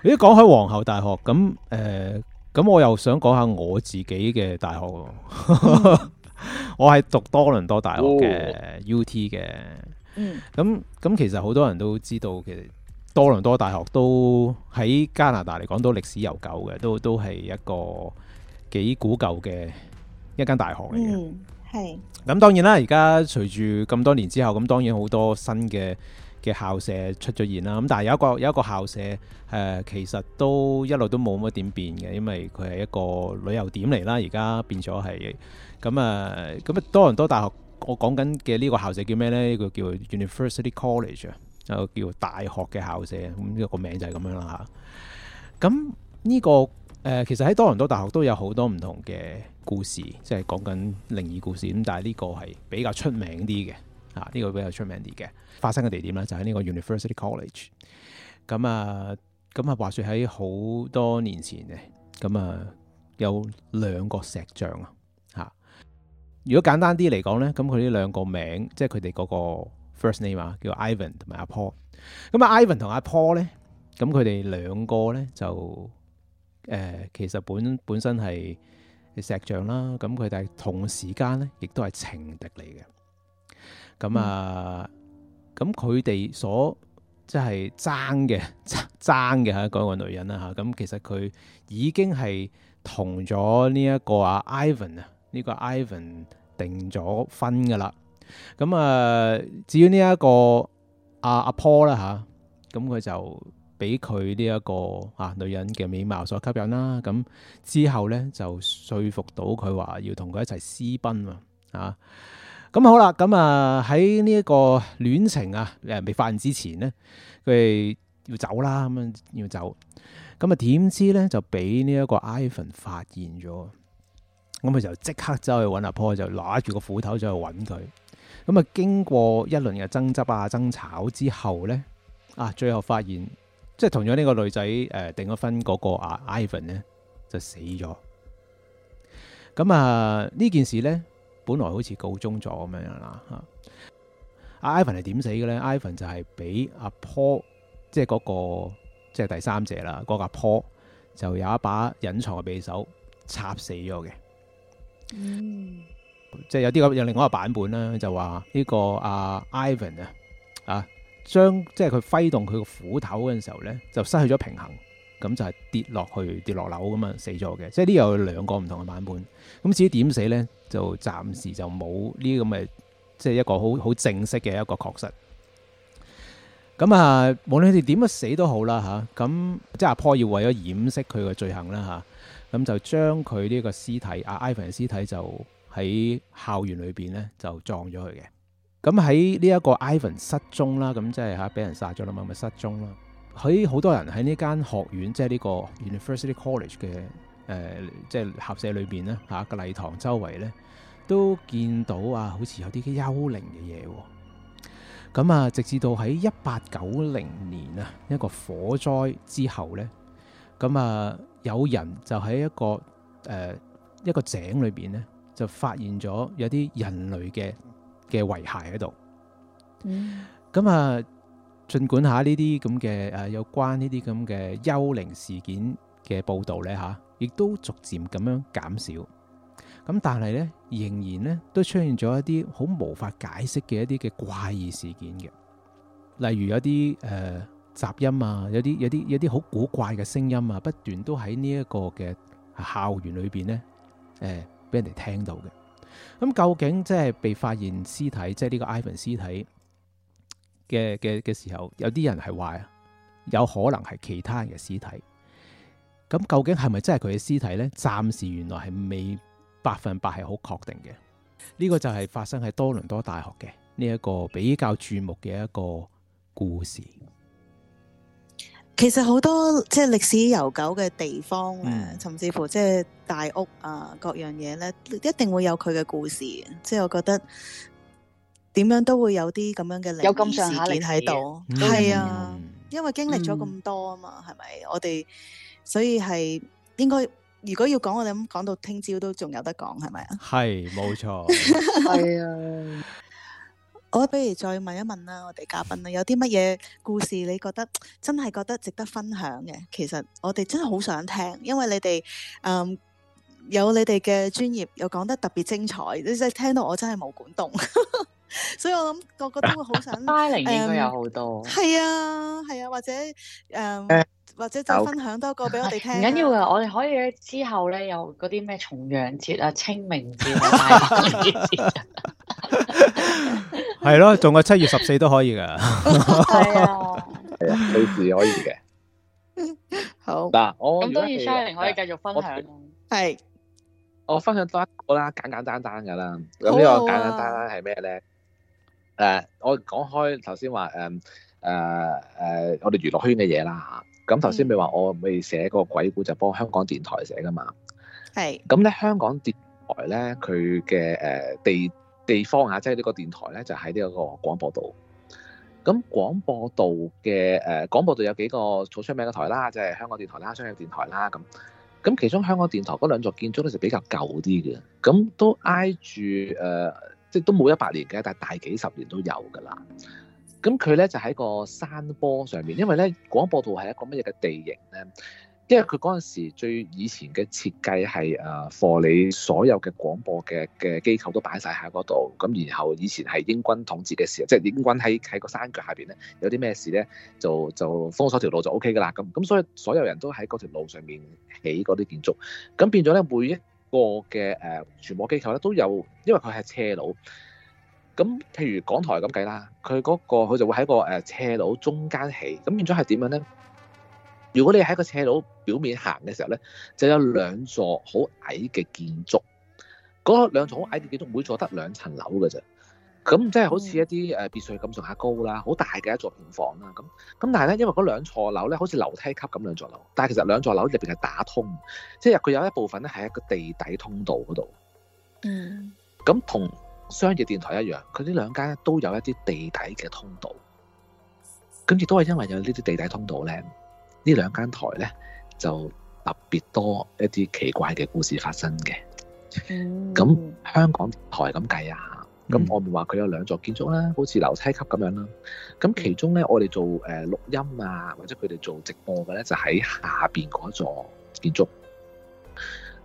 咦，講開皇后大學咁誒？咁我又想講下我自己嘅大學，嗯， 我係讀多倫多大學嘅 UT 嘅。咁、哦、咁、嗯、其實好多人都知道，其實多倫多大學都喺加拿大嚟講都歷史悠久嘅，都都係一個幾古舊嘅一間大學嚟嘅。係、嗯。咁當然啦，而家隨住咁多年之後，咁當然好多新嘅。嘅校舍出咗現啦，咁但係有一個有一個校舍誒、呃，其實都一路都冇乜點變嘅，因為佢係一個旅遊點嚟啦。而家變咗係咁啊，咁、嗯、啊、嗯、多倫多大學，我講緊嘅呢個校舍叫咩呢？呢個叫 University College 啊，就叫大學嘅校舍。咁、嗯、呢、個名就係咁樣啦嚇。咁、嗯、呢、個誒、呃，其實喺多倫多大學都有好多唔同嘅故事，即係講緊靈異故事。咁但係呢個係比較出名啲嘅。啊！呢個比較出名啲嘅發生嘅地點咧，就喺呢個 University College。咁啊，咁啊，話説喺好多年前嘅，咁啊有兩個石像啊。嚇！如果簡單啲嚟講咧，咁佢呢兩個名，即係佢哋嗰個 first name 啊，叫 Ivan 同埋阿 Paul。咁啊，Ivan 同阿 Paul 咧，咁佢哋兩個咧就誒，其實本本身係石像啦。咁佢哋同時間咧，亦都係情敵嚟嘅。咁、嗯、啊，咁佢哋所即係爭嘅爭嘅吓，嗰、那個女人啦吓，咁其實佢已經係同咗呢一個啊 Ivan 啊，呢個 Ivan 訂咗婚噶啦。咁、這個、啊，至於呢一個阿阿 Paul 啦吓，咁佢就俾佢呢一個啊女人嘅美貌所吸引啦。咁之後咧就說服到佢話要同佢一齊私奔啊。咁好啦，咁啊喺呢一個戀情啊誒未發現之前咧，佢要走啦，咁樣要走。咁啊點知咧就俾呢一個 Ivan 發現咗，咁佢就即刻走去搵阿婆，就拿住個斧頭走去搵佢。咁啊經過一輪嘅爭執啊爭吵之後咧，啊最後發現即係、就是、同樣呢個女仔誒訂咗婚嗰個啊 Ivan 咧就死咗。咁啊呢件事咧。本來好似告終咗咁樣啦。阿、啊、Ivan 係點死嘅咧？Ivan 就係俾阿 Paul，即係嗰個即係第三者啦。嗰、那個 Paul 就有一把隱藏嘅匕首插死咗嘅。即、嗯、係、就是、有啲、這、咁、個、有另外一個版本啦，就話呢個阿、啊、Ivan 啊，啊將即係佢揮動佢個斧頭嗰陣時候咧，就失去咗平衡。咁就係跌落去，跌落樓咁啊死咗嘅，即係呢有兩個唔同嘅版本。咁至於點死咧？就暫時就冇呢啲咁嘅，即係一個好好正式嘅一個確實。咁啊，無論佢哋點樣死都好啦吓，咁即係阿 Paul 要為咗掩飾佢嘅罪行啦吓，咁就將佢呢個屍體，阿 Ivan 嘅屍體就喺校園裏邊咧就撞咗佢嘅。咁喺呢一個 Ivan 失蹤啦，咁即係吓俾人殺咗啦嘛，咪失蹤啦。喺好多人喺呢間學院，即係呢個 University College 嘅，誒，即係校舍裏邊咧，吓個禮堂周圍咧，都見到啊，好似有啲幽靈嘅嘢。咁啊，直至到喺一八九零年啊，一個火災之後咧，咁啊，有人就喺一個誒、呃、一個井裏邊咧，就發現咗有啲人類嘅嘅遺骸喺度。嗯，咁啊。盡管下呢啲咁嘅誒有關呢啲咁嘅幽靈事件嘅報道咧吓，亦都逐漸咁樣減少。咁但係咧，仍然咧都出現咗一啲好無法解釋嘅一啲嘅怪異事件嘅，例如有啲誒雜音啊，有啲有啲有啲好古怪嘅聲音啊，不斷都喺呢一個嘅校園裏邊咧，誒俾人哋聽到嘅。咁究竟即係被發現屍體，即係呢個艾文屍體，嘅嘅嘅時候，有啲人係壞啊，有可能係其他人嘅屍體。咁究竟係咪真係佢嘅屍體呢？暫時原來係未百分百係好確定嘅。呢個就係發生喺多倫多大學嘅呢一個比較注目嘅一個故事。其實好多即係歷史悠久嘅地方，甚至乎即係大屋啊，各樣嘢呢，一定會有佢嘅故事。即係我覺得。點樣都會有啲咁樣嘅歷史事件喺度，係啊，因為經歷咗咁多啊嘛，係咪？我哋所以係應該，如果要講，我哋咁講到聽朝都仲有得講，係咪啊？係冇錯，係啊。我不如再問一問啦，我哋嘉賓啦，有啲乜嘢故事你覺得真係覺得值得分享嘅？其實我哋真係好想聽，因為你哋嗯有你哋嘅專業又講得特別精彩，你真係聽到我真係毛管戙。所以我諗個個都會好想，Shinning 應該有好多。係、 um, 啊，係啊，或者誒，um, uh, 或者就分享多個俾我哋聽。唔緊要噶，我哋可以之後咧有啲咩重陽節啊、清明節啊係咯，仲有 七 月十四都可以噶。係啊，隨時可以嘅。 好嗱、啊，我咁當然 Shinning、啊、可以繼續分享。係，我分享多一個啦，簡簡單單噶啦。咁呢個簡簡單單係咩咧？ 誒、uh,，我講開頭先話誒誒誒，uh, uh, uh, 我哋娛樂圈嘅嘢啦嚇。咁頭先咪話我未寫個鬼故就是、幫香港電台寫噶嘛？係、mm.。咁咧香港電台咧，佢嘅誒地地方啊，即係呢個電台咧，就喺、是、呢個廣播度廣播道。咁廣播道嘅誒、呃、廣播道有幾個好出名嘅台啦，即、就、係、是、香港電台啦、商業電台啦咁。咁其中香港電台嗰兩座建築咧就比較舊啲嘅，咁都挨住誒。Uh, 即都冇一百年嘅，但係大幾十年都有㗎啦。咁佢咧就喺個山坡上面，因為咧廣播道係一個乜嘢嘅地形咧？因為佢嗰陣時最以前嘅設計係誒 for 你所有嘅廣播嘅嘅機構都擺晒喺嗰度。咁然後以前係英軍統治嘅時候，即係英軍喺喺個山腳下邊咧，有啲咩事咧就就封鎖一條路就 O K 㗎啦。咁咁所以所有人都喺嗰條路上面起嗰啲建築，咁變咗咧每一個嘅誒傳播機構咧都有，因為佢係斜路。咁譬如港台咁計啦，佢嗰、嗰個佢就會喺個誒斜路中間起。咁變咗係點樣咧？如果你喺個斜路表面行嘅時候咧，就有兩座好矮嘅建築。嗰兩座好矮嘅建築，每座得兩層樓嘅啫。咁即係好似一啲誒別墅咁上下高啦，好大嘅一座平房啦。咁咁，但係咧，因為嗰兩座樓咧，好似樓梯級咁兩座樓，但係其實兩座樓入邊係打通，即係佢有一部分咧係一個地底通道嗰度。嗯。咁同商業電台一樣，佢呢兩間都有一啲地底嘅通道，咁亦都係因為有呢啲地底通道咧，這兩呢兩間台咧就特別多一啲奇怪嘅故事發生嘅。咁香港台咁計啊。咁我咪話佢有兩座建築啦，好似樓梯級咁樣啦。咁其中咧，我哋做誒錄音啊，或者佢哋做直播嘅咧，就喺下邊嗰座建築。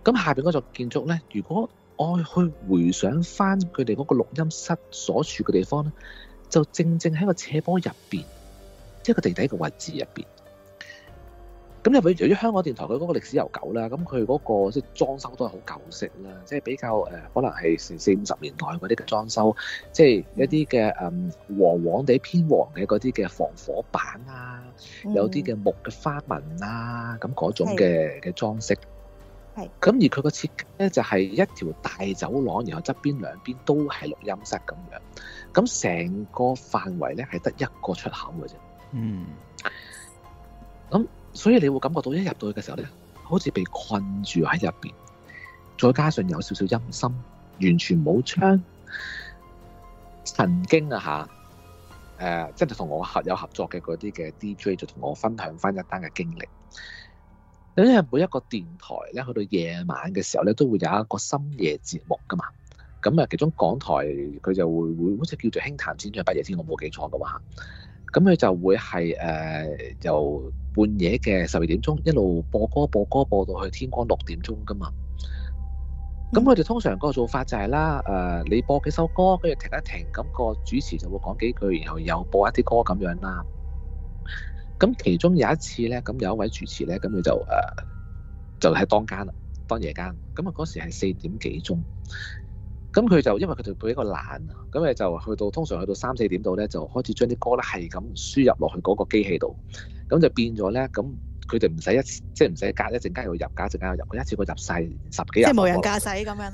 咁下邊嗰座建築咧，如果我去回想翻佢哋嗰個錄音室所處嘅地方咧，就正正喺個斜坡入邊，即係個地底嘅位置入邊。咁例如由於香港電台佢嗰個歷史悠久啦，咁佢嗰個即係裝修都係好舊式啦，即係比較誒，可能係成四五十年代嗰啲嘅裝修，即係一啲嘅誒黃黃哋偏黃嘅嗰啲嘅防火板啊，有啲嘅木嘅花紋啊，咁嗰種嘅嘅裝飾。係。咁而佢個設計咧就係一條大走廊，然後側邊兩邊都係錄音室咁樣，咁成個範圍咧係得一個出口嘅啫。嗯。咁。所以你會感覺到一入到去嘅時候咧，好似被困住喺入邊，再加上有少少陰森，完全冇窗。嗯。曾經啊嚇，誒即係同我合有合作嘅嗰啲嘅 DJ 就同我分享翻一單嘅經歷。因為每一個電台咧，去到夜晚嘅時候咧，都會有一個深夜節目噶嘛。咁啊，其中港台佢就會會好似叫做《輕談千千八夜天》，我冇記錯噶嘛。咁佢就會係誒，由半夜嘅十二點鐘一路播歌播歌播到去天光六點鐘㗎嘛。咁佢哋通常個做法就係啦，誒你播幾首歌，跟住停一停，咁個主持就會講幾句，然後又播一啲歌咁樣啦。咁其中有一次咧，咁有一位主持咧，咁佢就誒就喺當間啦，當夜間。咁啊嗰時係四點幾鐘。咁佢就因為佢哋比較懶啊，咁咪就去到通常去到三四點度咧，就開始將啲歌咧係咁輸入落去嗰個機器度，咁就變咗咧。咁佢哋唔使一即係唔使隔一陣間要入，隔一陣間要入，佢一次過入晒十幾日。即係冇人駕駛咁樣，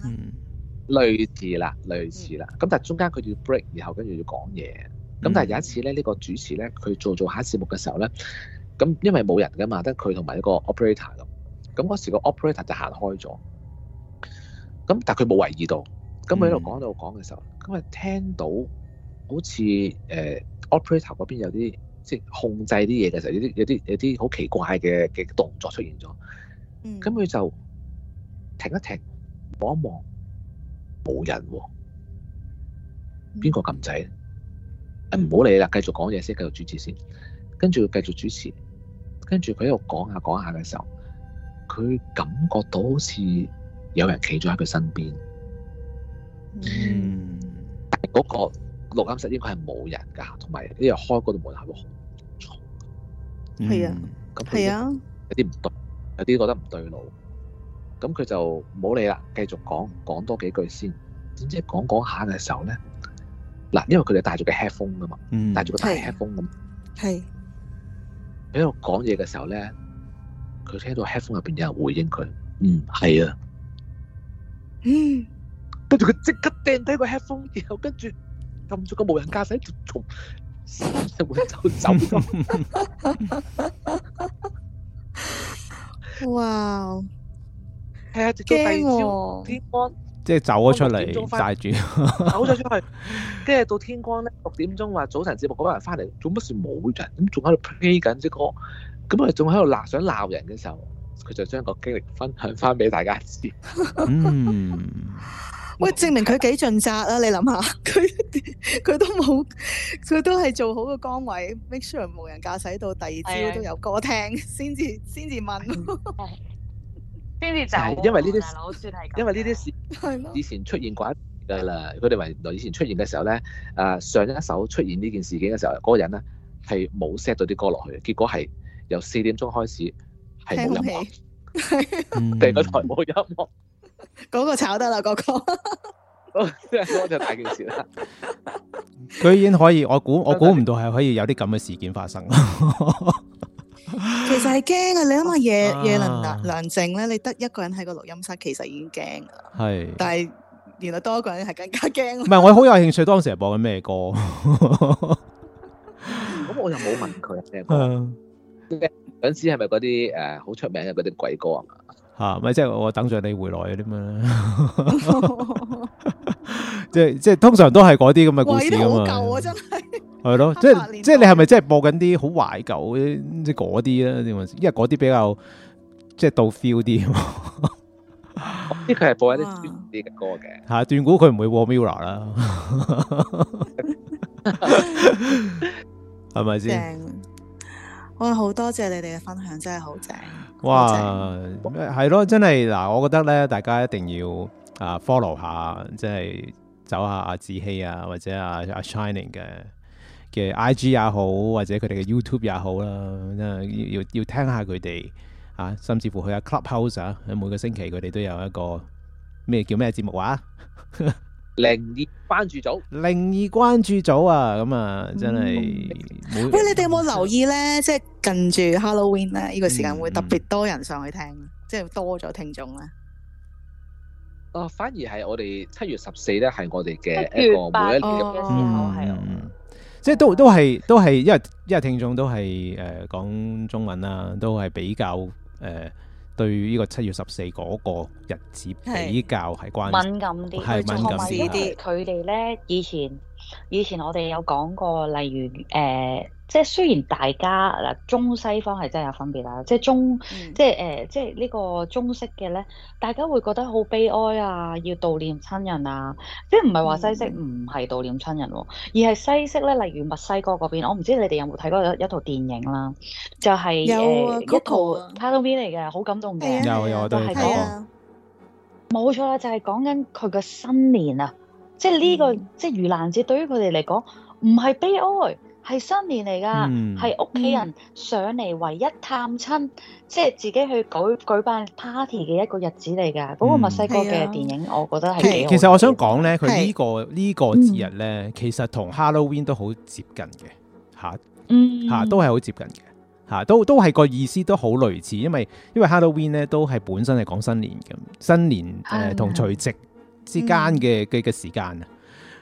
類似啦，類似啦。咁、嗯、但係中間佢要 break，然後跟住要講嘢。咁、嗯、但係有一次咧，呢、呢個主持咧，佢做一做下一節目嘅時候咧，咁因為冇人㗎嘛，得佢同埋一個 operator 咁。咁嗰時個 operator 就行開咗，咁但係佢冇懷疑到。咁佢喺度講到講嘅時候，咁啊聽到好似誒 operator 嗰邊有啲即係控制啲嘢嘅時候有啲，有啲有啲有啲好奇怪嘅嘅動作出現咗。嗯，咁佢就停一停，望一望，冇人喎、哦，邊個撳掣咧？誒唔好理啦，繼續講嘢先，繼續主持先。跟住佢繼續主持，跟住佢喺度講下講下嘅時候，佢感覺到好似有人企咗喺佢身邊。嗯，但係嗰個錄音室應該係冇人噶，同埋呢度開嗰道門係好重，係啊，咁有啲唔對，有啲覺得唔對路，咁佢就冇理啦，繼續講，講多幾句先。點知講講下嘅時候咧，嗱，因為佢哋戴住個 headphone 噶嘛，戴住個大 headphone 咁，係，喺度講嘢嘅時候咧，佢聽到 headphone 入邊有人回應佢，嗯，係啊，嗯。跟住佢即刻掟低個 headphone，然後跟住撳住個無人駕駛就從社會就走咗。哇！係啊，直驚天光，即係走咗出嚟，晒住走咗出去。跟住到天光咧，六點鐘話早晨節目嗰班人翻嚟，做乜事冇人咁，仲喺度 play 緊隻歌，咁啊仲喺度鬧想鬧人嘅時候，佢就將個經歷分享翻俾大家知。嗯。喂，證明佢幾盡責啦，啊！你諗下，佢佢都冇，佢都係做好個崗位，make sure 無人駕駛到第二朝都有歌聽，先至先至問，先至就係因為呢啲，因為呢啲事，以前出現過一次啦。佢哋話，以前出現嘅時候咧，誒上一首出現呢件事件嘅時候，嗰、那個人咧係冇 set 咗啲歌落去，結果係由四點鐘開始係冇音樂，第個台冇音樂。Mm. 嗰、那個炒得啦，哥、那、哥、個，即係多咗大件事啦，居然可以，我估我估唔到係可以有啲咁嘅事件發生。 其實係驚啊，你諗下夜夜林達梁靜咧，你得一個人喺個錄音室，其實已經驚啊。係，但係原來多一個人係更加驚。唔係，我好有興趣當時係播緊咩歌？咁 嗯、我又冇問佢。陣時係咪嗰啲誒好出名嘅嗰啲鬼歌啊？吓、啊，咪即係我等住你回來嗰啲咩？即係即係通常都係嗰啲咁嘅故事嘛，好舊啊嘛，係咯， 即係即係你係咪真係播緊啲好懷舊即係嗰啲呢？因為嗰啲比較即係到 feel 啲，啲佢係播一啲短啲嘅歌嘅，吓斷、 啊、估佢唔會播 MIRROR 啦，係咪先？我好多謝你哋嘅分享，真係好正。哇，係咯，真係嗱，我覺得咧，大家一定要啊 follow 下，即係走下阿紫僖啊，或者啊阿 Shining 嘅嘅 IG 也好，或者佢哋嘅 YouTube 也好啦，要要聽下佢哋啊，甚至乎去下 Clubhouse 啊，每個星期佢哋都有一個咩叫咩節目啊？ 靈異關注組，靈異關注組啊，咁啊，真係、嗯、喂，你哋有冇留意咧？即、就、係、是、近住 Halloween 呢、啊這個時間，會特別多人上去聽，嗯嗯、即係多咗聽眾咧、啊。哦，反而係我哋七月十四咧，係我哋嘅一個每一年嘅時候即係都都係都係，因為因為聽眾都係誒講中文啊，都係比較誒。呃對於呢個七月十四嗰個日子比較係關敏感啲，係敏感啲。佢哋咧以前。以前我哋有講過，例如誒、呃，即雖然大家嗱中西方係真係有分別啦，即中即係誒，即呢、呃、個中式嘅咧，大家會覺得好悲哀啊，要悼念親人啊，即係唔係話西式唔係悼念親人喎、啊嗯，而係西式咧，例如墨西哥嗰邊，我唔知你哋有冇睇過一一套電影啦，就係、是、有、啊、一套卡通片嚟嘅，好、啊、感動嘅，有有睇啊，冇、就是啊、錯啦，就係講緊佢個新年啊！即係、這、呢個、嗯、即係盂蘭節，對於佢哋嚟講，唔係悲哀，係新年嚟㗎，係屋企人上嚟唯一探親、嗯，即係自己去舉舉辦 party 嘅一個日子嚟㗎。嗰個墨西哥嘅電影、嗯，我覺得係幾好。其實我想講咧，佢、這個這個、呢個呢個節日咧，其實同 Halloween 都好接近嘅嚇嚇都係好接近嘅嚇、啊、都都係個意思都好類似，因為因為 Halloween 咧都係本身係講新年嘅新年誒、呃、同除夕。之間嘅嘅嘅時間啊，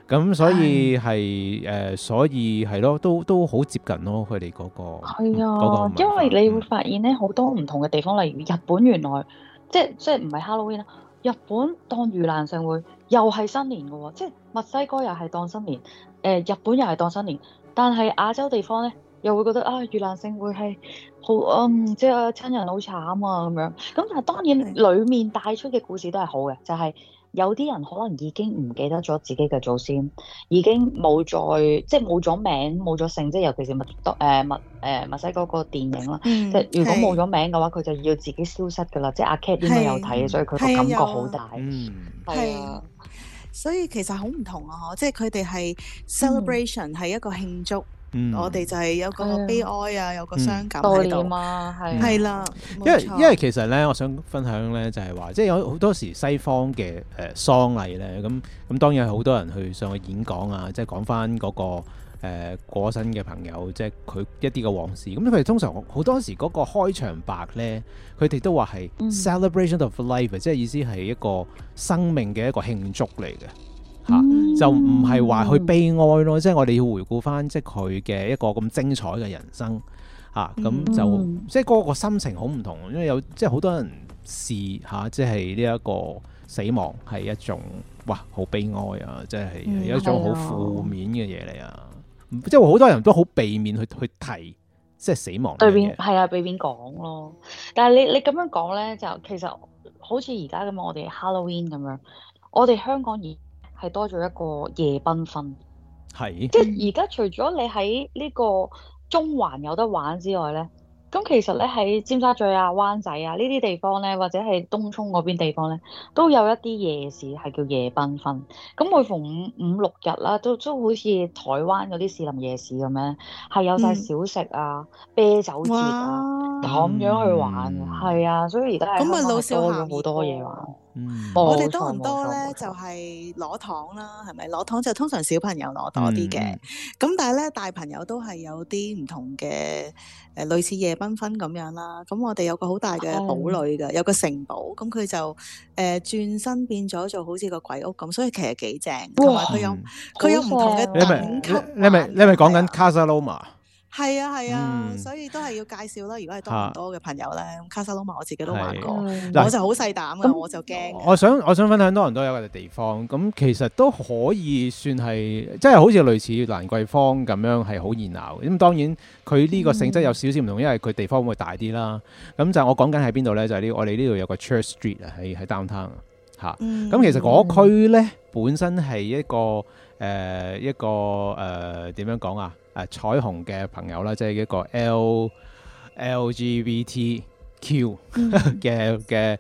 咁、嗯、所以係誒、呃，所以係咯，都都好接近咯，佢哋嗰個係啊、嗯、那個，因為你會發現咧，好、嗯、多唔同嘅地方，例如日本原來即即唔係 Halloween 啦，日本當盂蘭勝會又係新年嘅喎、哦，即墨西哥又係當新年，誒、呃、日本又係當新年，但係亞洲地方咧又會覺得啊，盂蘭勝會係好嗯，即係親人好慘啊咁樣，咁但係當然裡面帶出嘅故事都係好嘅，就係、是。有啲人可能已經唔記得咗自己嘅祖先，已經冇再即係冇咗名冇咗姓，即係尤其是墨誒墨誒墨西哥個電影啦、嗯。即係如果冇咗名嘅話，佢就要自己消失噶啦。即係、啊、阿 Kat 應該有睇，所以佢個感覺好大。係啊，所以其實好唔同啊！即係佢哋係 celebration 係、嗯、一個慶祝。嗯，我哋就係有個悲哀啊，嗯、有個傷感喺度嘛，係啦、啊。因為、啊、因為其實咧，我想分享咧，就係話，即係有好多時西方嘅誒、呃、喪禮咧，咁咁當然係好多人去上去演講啊，即係講翻嗰個誒、呃、過身嘅朋友，即係佢一啲嘅往事。咁佢哋通常好多時嗰個開場白咧，佢哋都話係 celebration of life，即、嗯、係意思係一個生命嘅一個慶祝嚟嘅。嚇、 啊、就唔係話去悲哀咯，即係我哋要回顧翻，即係佢嘅一個咁精彩嘅人生嚇。咁、啊、就 即係嗰個心情好唔同，因為有即係好多人視嚇、啊，即係呢一個死亡係一種哇好悲哀啊，即係有、嗯、一種好負面嘅嘢嚟啊。即係好多人都好避免去去提，即係死亡對面係啊，避免講咯。但係你你咁樣講咧，就其實好似而家咁，我哋 Halloween 咁樣，我哋香港而。係多咗一個夜繽紛，係即係而家除咗你喺呢個中環有得玩之外咧，咁其實咧喺尖沙咀啊、灣仔啊呢啲地方咧，或者係東涌嗰邊地方咧，都有一啲夜市係叫夜繽紛。咁每逢五五六日啦、啊，都都好似台灣嗰啲士林夜市咁樣，係有晒小食啊、嗯、啤酒節啊咁樣去玩。係、嗯、啊，所以而家咁咪老少都好多嘢玩。我哋多唔多咧？就係攞糖啦，係咪？攞糖就通常小朋友攞多啲嘅。咁但係咧，大朋友都係有啲唔同嘅，誒，類似夜繽紛咁樣啦。咁我哋有個好大嘅堡壘嘅，有個城堡。咁佢就誒轉身變咗就好似個鬼屋咁，所以其實幾正。同埋佢有佢有唔同嘅等級。你咪你咪你咪講緊卡薩羅瑪。係啊，係啊、嗯，所以都係要介紹啦。如果係多倫多嘅朋友咧、啊，卡薩羅馬，我自己都玩過。嗱、啊，我就好細膽嘅，我就驚。我想我想分享多倫多有個地方。咁其實都可以算係，即係好似類似蘭桂坊咁樣，係好熱鬧。咁當然佢呢個性質有少少唔同、嗯，因為佢地方會大啲啦。咁就我講緊喺邊度咧？就係、是啊嗯、呢，我哋呢度有個 Church Street 啊，喺喺 Downtown 啊，嚇。咁其實嗰區咧本身係一個誒、呃、一個誒點、呃、樣講啊？啊，彩虹嘅朋友啦，即、就、係、是、一個 L L G B T Q 嘅嘅嘅、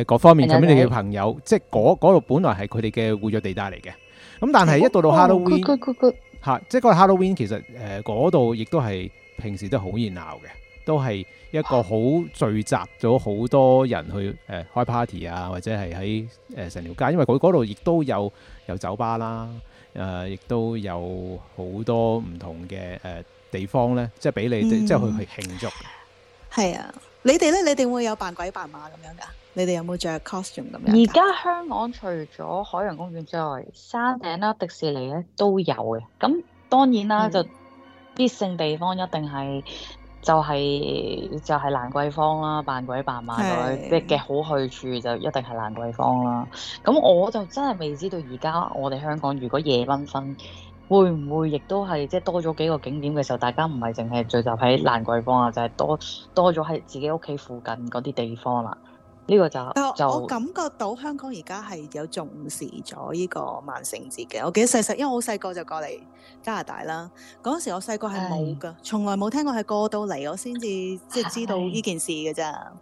嗯、各方面咁樣嘅朋友，即係嗰度本來係佢哋嘅活躍地帶嚟嘅。咁但係一到到 Halloween，吓、oh, cool,，cool, cool, cool. 即係嗰個 Halloween 其實誒嗰度亦都係平時都好熱鬧嘅，都係一個好聚集咗好多人去誒開 party 啊，或者係喺誒成條街，因為佢嗰度亦都有有酒吧啦。誒，亦都有好多唔同嘅誒地方咧，即係俾你哋即係去去慶祝。係啊，你哋咧，你哋會有扮鬼扮馬咁樣噶？你哋有冇著 costume 咁樣？而家香港除咗海洋公園之外，山頂啦、迪士尼咧都有嘅。咁當然啦，就必勝地方一定係。就係、是、就係蘭桂坊啦，扮鬼扮馬即啲嘅好去處就一定係蘭桂坊啦。咁我就真係未知道而家我哋香港如果夜繽紛，會唔會亦都係即係多咗幾個景點嘅時候，大家唔係淨係聚集喺蘭桂坊啊，就係、是、多多咗喺自己屋企附近嗰啲地方啦。呢、這個就，但我就我感覺到香港而家係有重視咗呢個萬聖節嘅。我記得細細，因為我好細個就過嚟加拿大啦。嗰陣時我細個係冇噶，從來冇聽過，係過到嚟，我先至即係知道呢件事嘅咋。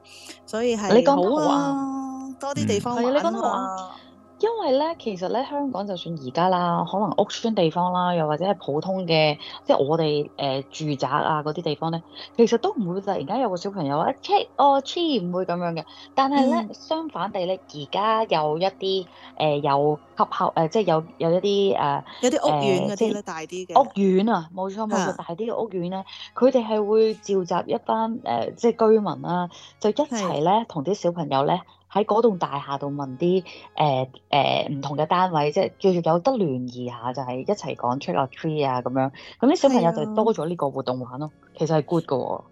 所以係你講好啊，多啲地方玩啊！嗯因為咧，其實咧，香港就算而家啦，可能屋邨地方啦，又或者係普通嘅，即係我哋、呃、住宅啊嗰啲地方咧，其實都唔會突然間有個小朋友啊 check or check 唔會咁樣嘅。但係咧，相反地咧，而家有一啲誒、呃、有合合、呃、即係有有一啲誒、呃、有啲屋苑嘅即係大啲嘅屋苑啊，冇錯冇錯，大啲嘅屋苑咧，佢哋係會召集一班、呃、即係居民啦、啊，就一齊咧同啲小朋友咧。喺嗰棟大廈度問啲誒誒唔同嘅單位，即係叫做有得聯誼下，就係、是、一齊講 trick or treat 啊咁樣。咁啲小朋友就多咗呢個活動玩咯，其實係 good 㗎。咁、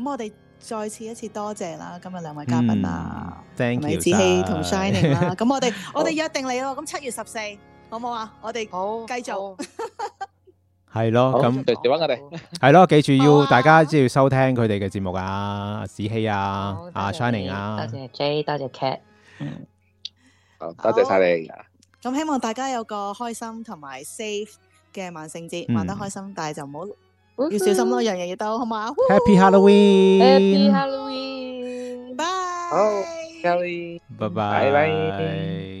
嗯、我哋再次一次多謝啦，今日兩位嘉賓、嗯、啊，李紫僖同 Shinning 啦。咁 我哋我哋約定你咯，咁七月十四好唔好啊？我哋好繼續。 係咯，咁隨時搵我哋。係咯，記住要大家即係要收聽佢哋嘅節目啊，紫僖啊，阿 Shining 啊，多謝 J，多謝 Kat。嗯，多謝晒你。咁希望大家有個開心同埋 safe 嘅萬聖節，玩得開心，但係就唔好要小心咯，樣樣要都，好嘛？Happy Halloween！Happy Halloween！Bye。好，Kelly，拜拜，拜拜。